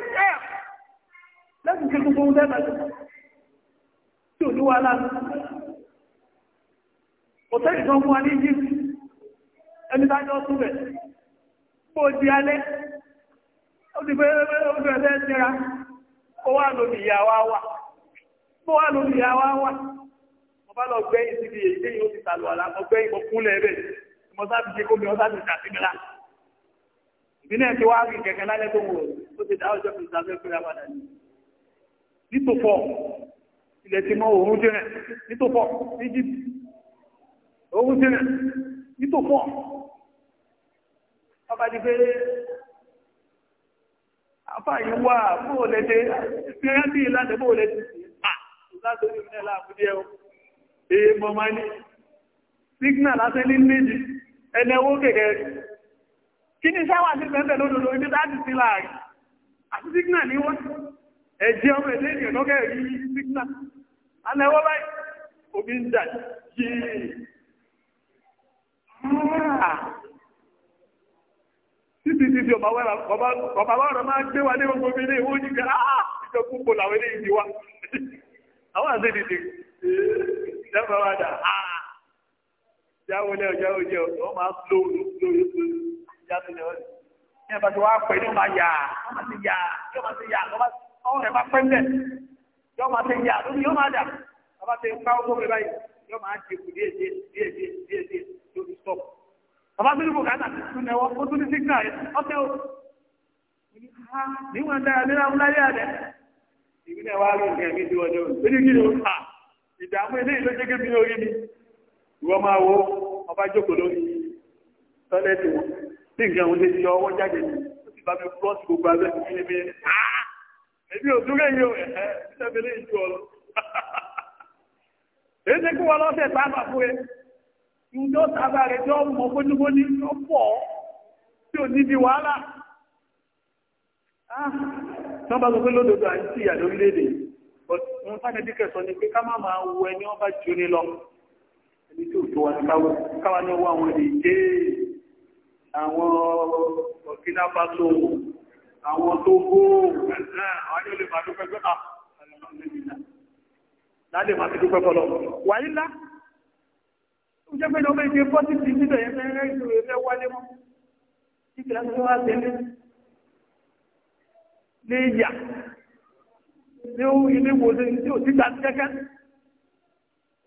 S1: lẹ́sìn kí gbogbo ohun dẹ́gbà tí ò ní wà láti òtẹ́lì kan fún wa ní Egypt ẹni bá jọ súnbẹ̀ bó di alẹ́ ó ti fẹ́ẹ́ jẹ́ra ó wà lórí ìyàwó wa bó wà lórí ìyàwó wa mo bá lọ gbẹ́yìn síbi èyí tí yóò ti sàlọ̀ àlà mo gbẹ́yìn mo kúnlẹ̀ ẹ̀bẹ̀ mo sábì ṣe kó mi ọ sábì ṣàtìmíra nínú ẹ̀ tí wá rí kẹ̀kẹ́ lálẹ́ tó wò ó ti dáwọ́ jọ́pù ìsàfẹ́ pé apàdà ní. nítòpọ̀ ilẹ̀ ti mọ òun jẹ́rẹ̀ nítòpọ̀ Egypt òun jẹ́rẹ̀ nítòpọ̀ ọba di pé afáàyí wà bóòlẹ́dẹ́ ìfẹ́rẹ́bí ìlànà bóòlẹ́dẹ́ láti orí ìrìnlẹ̀ láàbúdí ẹ̀ èèmọ̀ máa ní sígnà láti ní méjì ẹni ẹwọ́ kẹ̀kẹ́ kí ni iṣẹ́ wà sí pẹ̀lẹ̀ lódodo ibi láti sí láàrin àti sígínà ní wọ́n ẹ̀jẹ́ ọmọ ẹ̀lẹ́ ènìyàn lọ́kẹ́ rí sígínà alẹ́wọ́ báyìí omi ń dà jí ah! títí títí ọba wọ́rọ̀ máa gbé wa ní gbogbo omi ní ìwọ́n yìí ah! gáà ìjọkú pò làwọn ilé ìdí wa àwọn àti ìdí ìjọba wa dà áà ah! jáwọlé ọjọ́ ọjọ́ ọ máa slow slow slow ìdásílẹ̀ ọ̀rẹ́ ní ẹ̀bá tí wàá pè ní ọmọ yà ọmọ ti yà yọmọ ti yà ọmọ ẹ̀bá pẹ́ mbẹ́ yọmọ ti yà lórí yọmọ àdà bàbá ti ká ọgbọ́n mi báyìí yọmọ àti èkó díẹ̀ díẹ̀ díẹ̀ díẹ̀ díẹ̀ díẹ̀ lórí stop bàbá tó ní kò kàtà tún ẹwọ ó tún ní sígínà yẹ ọtẹ o níwọ̀n dára nínú amúláyé àdẹ ìbílẹ̀ wa rí nǹkan mi ti wọlé o lórí kí ni o ta ìdààmú eléyìí ló jẹ́ kí mi ní orí mi ìwọ máa wo ọba jókòó lórí tọ́lẹ́tì wọn tí nǹkan òun lè ti ọwọ́ jáde ní ó ti bá mi búrọ́ọ̀sì gbogbo abẹ́ mi ní ibi ẹbí òdúrẹ́ yìí ó ẹ̀ẹ́ ìṣẹ́bẹ̀lẹ́ ìjú ọ̀rọ̀ èyí tí kí wọ́n lọ́sẹ̀ bá bà fún ẹ ǹjọ́ sábà rẹ̀ jọ mọ̀ fójúmọ́ ní ọ̀pọ̀ tí ò níbi wàhálà ah! tán bá sọ pé lódodo à ń tí ìyà lórílẹ̀-èdè wọn sáfẹ́dí kẹsọ ni pé ká má máa wo ẹni ọba jù ní lọ ẹni tí ò tó wà ní káwọ́ káwà ní ọwọ́ àwọn èdè jẹ́ àwọn ọ̀kíná fásó àwọn tó gbóòrùn àwọn yóò lè máa dúpẹ́ gbọ́ta ah, láti máa ti dúpẹ́ fọ́lọ̀ wáyé ńlá ó jẹ́ pẹ́lú ọmọ ìgbé pọ́sítì nílò ẹ̀fẹ́ rẹ̀ ìṣòro ẹ̀fẹ́ wálé mọ́ tí kìlá tó wá tẹ́lẹ̀ ní ìyà ní ó ilé ìwòsàn tí ò sí gbà kẹ́kẹ́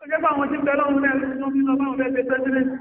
S1: ó jẹ́ pẹ́ àwọn tí bẹ́lọ́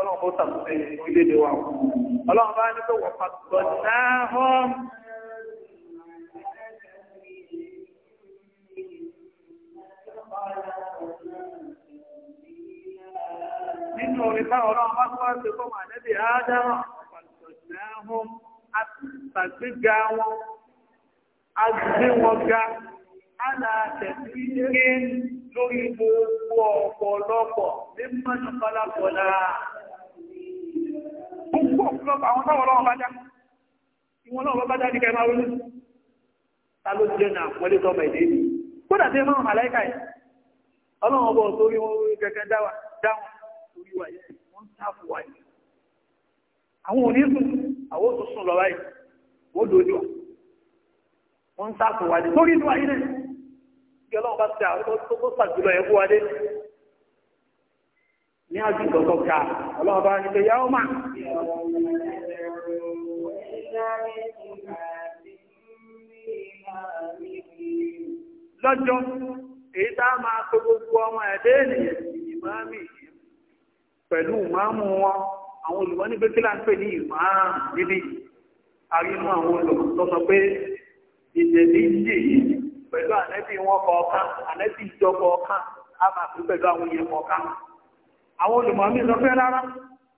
S1: Ọlọ́run kó sàtúnṣe orílẹ̀-èdè wa. Ọlọ́run bá ní pé wọ́n pàtàkì náà hàn. Nínú orin bá ọlọ́run bá tó wá ṣe fún Màdébì Ádámà, pàtàkì náà hàn. A tàgbéga wọn, a gbé wọn ga, a náà tẹ̀sí lórí gbogbo ọ̀pọ̀lọpọ̀ Gbogbo ọ̀pọ̀lọpọ̀ àwọn táwọn ọlọ́wọ́ bá dá. Ìwọ̀n náà wọ́n bá dá ní kẹma ronú. Ta ló ti lẹ́nu àpọ́lé tọ́mọ ìdí ìdí. Kódà tí máa màláìkà yìí. Ọlọ́run ọbọ̀ sórí wọn orí kẹ̀kẹ́ dáwà dáwọn orí wa yìí. Wọ́n ń sáfù wa yìí. Àwọn òní sùn, àwọn oṣù sùn lọ báyìí. Wọ́n dojú wa. Wọ́n ń sáfù wa yìí. Sórí ìlú ayé náà. Bí ọlọ́run bá ní àjùkọ̀ tó ga ọlọ́ọ̀bá ní pé yá ó mà. lọ́jọ́ èyí tá máa tó gbogbo ọmọ ẹ̀dẹ́ ènìyàn ìmáàmì pẹ̀lú ìmáàmù wọn àwọn olùmọ́ ní pé ìjẹ̀bí ń pẹ̀lú ànẹ́bí wọn kọ̀ọ̀kan ànẹ́bí ìjọ kọ̀ọ̀kan a máa fi pẹ̀lú àwọn èèyàn kọ̀ọ̀kan àwọn olùmọ̀mí sọ pé rárá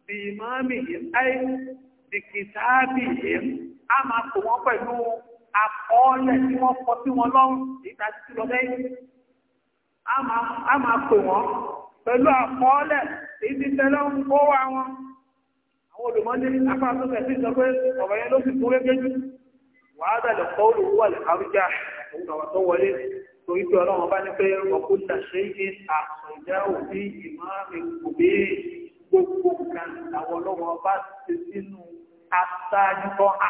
S1: bí ìmọ̀mí ayé bí kìtàbí yìí a máa kò wọ́n pẹ̀lú àkọọ́lẹ̀ tí wọ́n kọ sí wọn lọ́rùn ìta sí lọ lẹ́yìn a máa pè wọ́n pẹ̀lú àkọọ́lẹ̀ èyí ti tẹ́lẹ̀ ń kó wa wọn àwọn olùmọ̀lẹ́ apá tó fẹ̀ sí sọ pé ọ̀rọ̀ yẹn ló sì kú régéjú wàá bẹ̀rẹ̀ kọ́ olùwọ́ àlùkárújà òun àwọn tó wọlé torí pé ọlọ́run bá ní pé ọkùnrin ṣe é àṣọjá òbí ìmáàmì kò bí gbogbo nǹkan àwọn ọlọ́run ọba ti sínú aṣáájú kan hà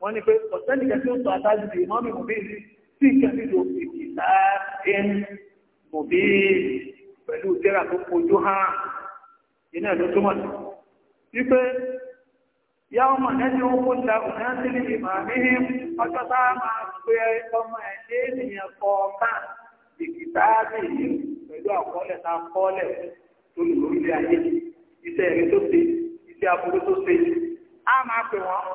S1: wọ́n ní pé ọ̀sẹ́ni kẹ́kẹ́ tó sọ aṣáájú di ìmáàmì kò bí sí ìkẹ́kẹ́ tó fi kìlá ẹn kò bí pẹ̀lú ìjẹ́ra tó fojú hàn iná ló túmọ̀ sí yọ́mọ̀ lẹ́jọ́ ogun da ìrántí ìmàmíhìm ọjọ́ tá a máa pé ọmọ ẹ̀dẹ́ ènìyàn kọ̀ọ̀kan ìkìtàbí pẹ̀lú àkọọ́lẹ̀ tá a kọ́ọ́lẹ̀ tó lè orílẹ̀ ayé iṣẹ́ ẹ̀rí tó ṣe iṣẹ́ aburú tó ṣe á máa pè wọ́n.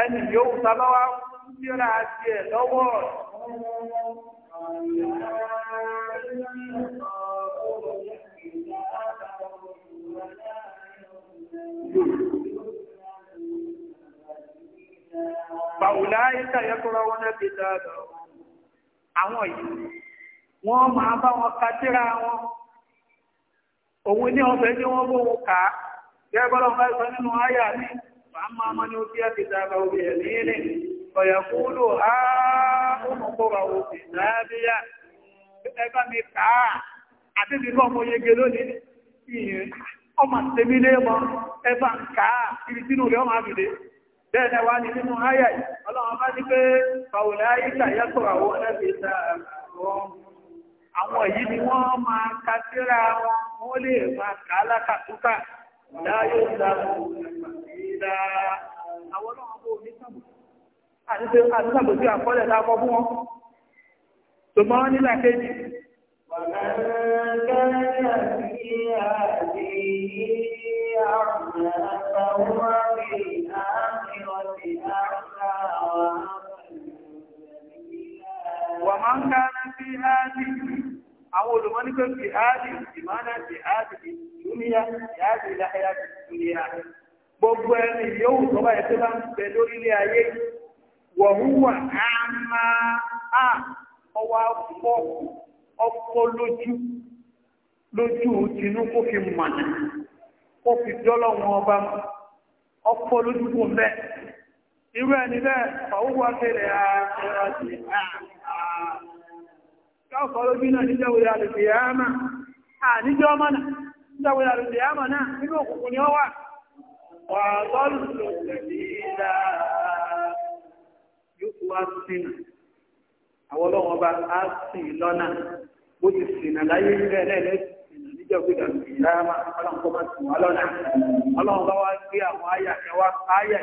S1: ẹnì yóò sábà wá ń tíra tiẹ̀ lọ́wọ́. Thank Fàwùláyíkà yẹ́kọ́rọ̀ wọn náà ti dáadáa. Àwọn yìí, wọ́n máa bá wọn ka tírà wọn. Òun ní ọ̀fẹ́ ní wọ́n bó wọn kà á. Gẹ́gbọ́lọ́ bá sọ nínú ayà ní, fàámà máa ní ó bí ti dáadáa obì ní ọmọ tèmi lé mọ́ ẹbá ń kàá ibi tínú rẹ̀ ọmọ àbìdé bẹ́ẹ̀ wá ní nínú ayà yìí ọlọ́run bá ní pé fàwọ̀lẹ̀ ayíkà yàtọ̀ àwọn ẹlẹ́bí ta àwọn èyí ni wọ́n máa ka síra wọn wọ́n lè máa kà láyé ìlànà ìlà أعمى فهو في الآخرة أعمى ومن كان في هذه أو لمن كان في هذه بمعنى في هذه الدنيا في هذه الحياة الدنيا gbogbo ẹni yóò tó bá ẹ̀tọ́ bá ń bẹ lórílẹ̀ ayé wọ̀húwà àmà à ọwọ́ ọkọ̀ ọkọ̀ lójú lójú tinú kó fi mọ̀nà kó fi jọ́lọ́ wọn ọba mọ́ ọ̀pọ̀ lójúkú mẹ́ irú ẹni bẹ́ẹ̀ fàwọ́wọ́ akẹ́lẹ̀ ààrẹ àti káàkọ́ lójú náà níjẹ́wé alùpùpù yàmà àníjẹ́ ọmọ náà níjẹ́wé alùpùpù yàmà náà nínú òkùnkùn ni ó wà wà lọ́lù lọ́lù lọ́lù ìjọ gbé dàgbé ìdáyàmá ọlọ́run kọ́ bá tù wá lọ́nà ọlọ́run bá wá gbé àwọn àyà ẹwà àyà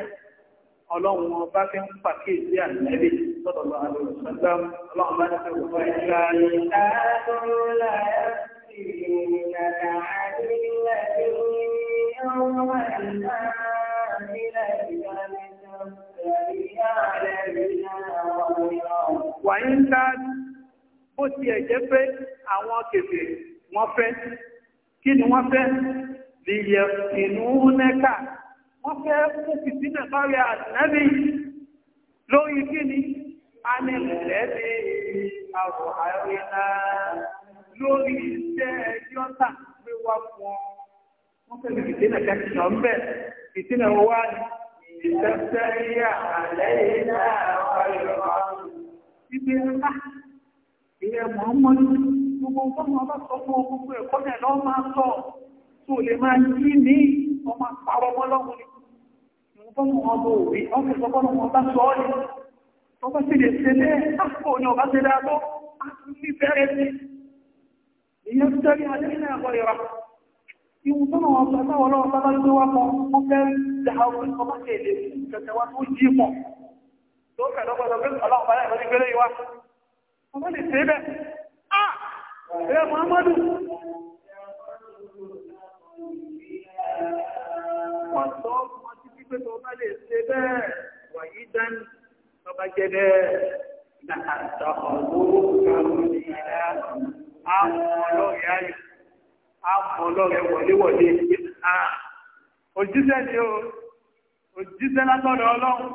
S1: ọlọ́run wọn bá fẹ́ ń pàkíyèsí àtẹ́lẹ̀ lọ́dọ̀ lọ́wọ́ àlọ́ ìṣẹ́lẹ̀ ọlọ́run bá Wàyí ń ká bó ti ẹ̀jẹ́ pé àwọn kèfè wọ́n fẹ́ kí ni wọ́n fẹ́ lè yẹ ìnú nẹ́kà wọ́n fẹ́ fún fìtínà sọ́rọ̀ àtìlẹ́bí lórí kí ni a ní lẹ́bí àwọ̀ àríná lórí iṣẹ́ ẹjọ́ tà pé wá fún wọ́n fẹ́ lè fìtínà kẹ́kìnà ń bẹ̀ fìtínà wá ní ìṣẹ́fẹ́ yà àlẹ́ ìlà ọ̀rọ̀ ìgbéra ìrẹ̀mọ̀ mọ́ni gbogbo ọmọ bá sọ fún gbogbo ẹ̀kọ́ náà lọ́ máa sọ tó lè máa yí ní ọmọ àpárọ̀ mọ́ lọ́wọ́ ni ìwọ̀n wọn bó rí ọ́fẹ́ sọpọ́nà wọn bá sọ ọ́lẹ̀ tó bá sì lè ṣe lẹ́ àpò ní ọba ṣe dáadọ́ ní bẹ̀rẹ̀ sí ìyẹn tó tẹ́rí alẹ́ ní àgbọ̀ ìrà ìwọ̀n tó wọn sọ táwọn ọlọ́wọ́ bá bá gbé wá mọ́ wọn fẹ́ dáhùn ọba ṣe lè kẹ̀kẹ́ wá tó yí mọ̀ tó kẹ̀ lọ́gbọ̀dọ̀ gbé ọlọ́wọ́ bá yà lọ́ ẹ̀rẹ́ Muhammadu wọ́n sọ ọmọ títí pé tó bá lè ṣe bẹ́ẹ̀ wàyí dání tọba jẹ́ bẹ́ẹ̀ na àtà ọ̀gbọ́n Òjíṣẹ́ látọ̀dọ̀ Ọlọ́run,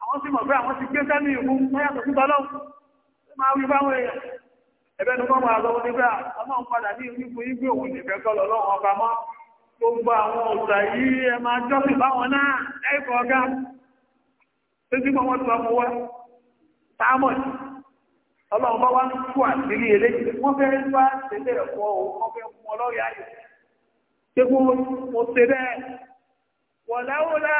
S1: àwọn sì mọ̀ pé àwọn ti gbé sẹ́nu ìwú, wọ́n yàtọ̀ sí tọ́lọ́run, máa wí báwọn èèyàn ẹ̀bẹ́ ni wọ́n máa lọ́wọ́ nígbà ọlọ́run padà ní ìwífún igbó òun nìfẹ́ kọ́ lọ́lọ́run ọba mọ́ gbogbo àwọn òòṣà yìí ẹ máa jọ́sìn báwọn náà ẹ̀kọ́ ọ̀gá títí mọ́ wọ́n ti wọ́n mú wá táàmọ̀tì ọlọ́run bá wá ń tú àṣírí eléyìí wọ́n fẹ́ wá tẹ́lẹ̀ ẹ̀kọ́ òun fẹ́ mú ọlọ́rẹ̀ ayò ṣé kó mo ṣe bẹ́ẹ̀ wọ̀láwọ́lá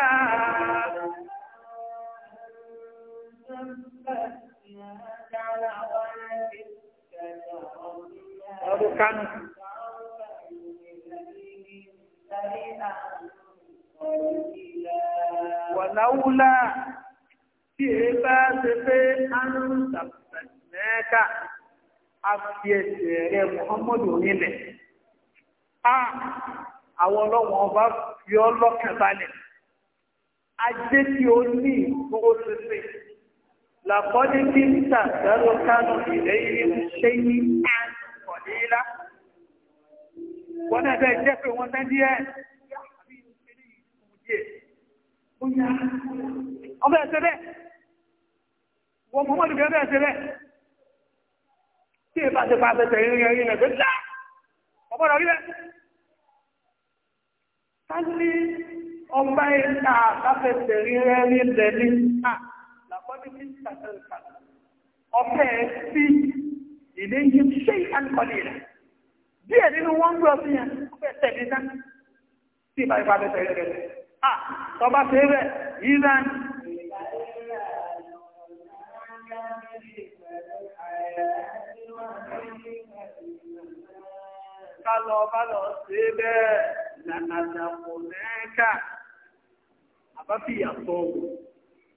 S1: Thank ọdún kánú. wàláwúlá tí èé bá ṣe pé àrùn tàbílẹ̀ẹ́ká a fi ẹsẹ̀ rẹ̀ Muhammadu nílẹ̀ a àwọn ọlọ́wọ̀n ọba fi ọlọ́kẹ̀ balẹ̀ ajé tí ó ní ìgbóhóṣẹ́sẹ́ làkọ́lé tí ń tà dáró kánú ilẹ̀ ilé ṣe ní àkọ̀lélá wọ́n náà bẹ́ẹ̀ jẹ́ pé wọ́n tán díẹ̀ ọbẹ̀ ẹ̀sẹ̀ bẹ́ẹ̀ wọ́n mọ́ mọ́lù bẹ́ẹ̀ ẹ̀sẹ̀ bẹ́ẹ̀ tí èbá ti pa àbẹ̀sẹ̀ ìrìn ẹ̀rin ẹ̀gbẹ́ lá ọgbọ́dọ̀ rí bẹ́ẹ̀ ká ní ọgbà ìta àbáfẹ̀sẹ̀ ìrìn ẹ̀rin ẹ̀rin ẹ̀rin fífi ṣàtẹ̀ǹkà ọ̀fẹ́ sí ilé yìí ṣe àǹkọ̀lì rẹ̀ díẹ̀ nínú wọn ń gbọ́ sí yẹn ọ̀fẹ́ tẹ̀lé náà sí ìbá ìbá bẹ́ẹ̀ tẹ̀lé rẹ̀ à tọba ṣe rẹ̀ yíra kálọ̀ bá lọ sí bẹ́ẹ̀ lànà àjàkùn lẹ́ẹ̀ká àbáfíyà sọ̀rọ̀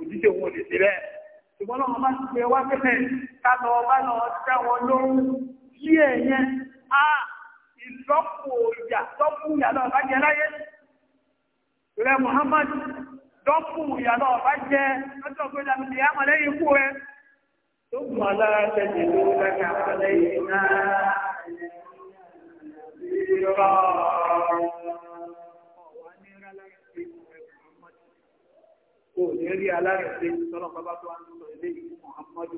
S1: òjíṣẹ́ òun lè ṣe bẹ́ẹ̀ ṣùgbọ́n lọ́wọ́ bá ti pè pẹ́pẹ́ ká lọ bá lọ dá wọn lóhùn sí ẹ̀yẹn a ìlọ́pù ìyà tọ́pù ìyà náà bá jẹ láyé rẹ Muhammad tọ́pù ìyà náà bá jẹ lọ́jọ́ pé dàbí ìyá mọ̀lẹ́yìn kú rẹ tó kù alára tẹ̀lé ló dákẹ́ àmọ́lẹ́yìn
S2: náà
S1: kò ní rí alárẹ̀sẹ̀ sọ́nà bàbá tó wà nínú ilé ìlú Muhammadu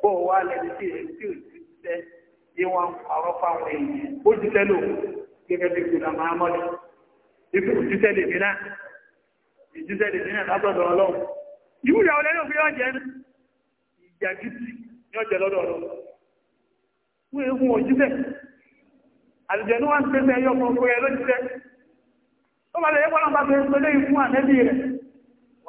S1: kó o wá lẹni tí èyí tí ò ti tẹ́ ní wọn parọ́ fáwọn èèyàn ó ti tẹ́ lò gẹ́gẹ́ bí kùnà Muhammadu ibi ò ti tẹ́ lè mí náà ìjíṣẹ́ lè mí náà látọ̀dọ̀ Ọlọ́run ìwú ìyàwó lẹ́yìn òfin ọ̀jẹ̀ ìjà gidi ní ọ̀jẹ̀ lọ́dọ̀ Ọlọ́run wọ́n èhun òjíṣẹ́ àlùjẹ̀nú wá ń pèsè ẹyọ ọmọ ọgbẹ́ lójíṣẹ́ ó bá lè yẹ kọ́lọ́mbà tó ń pèlé ìfún ànẹ́bí rẹ̀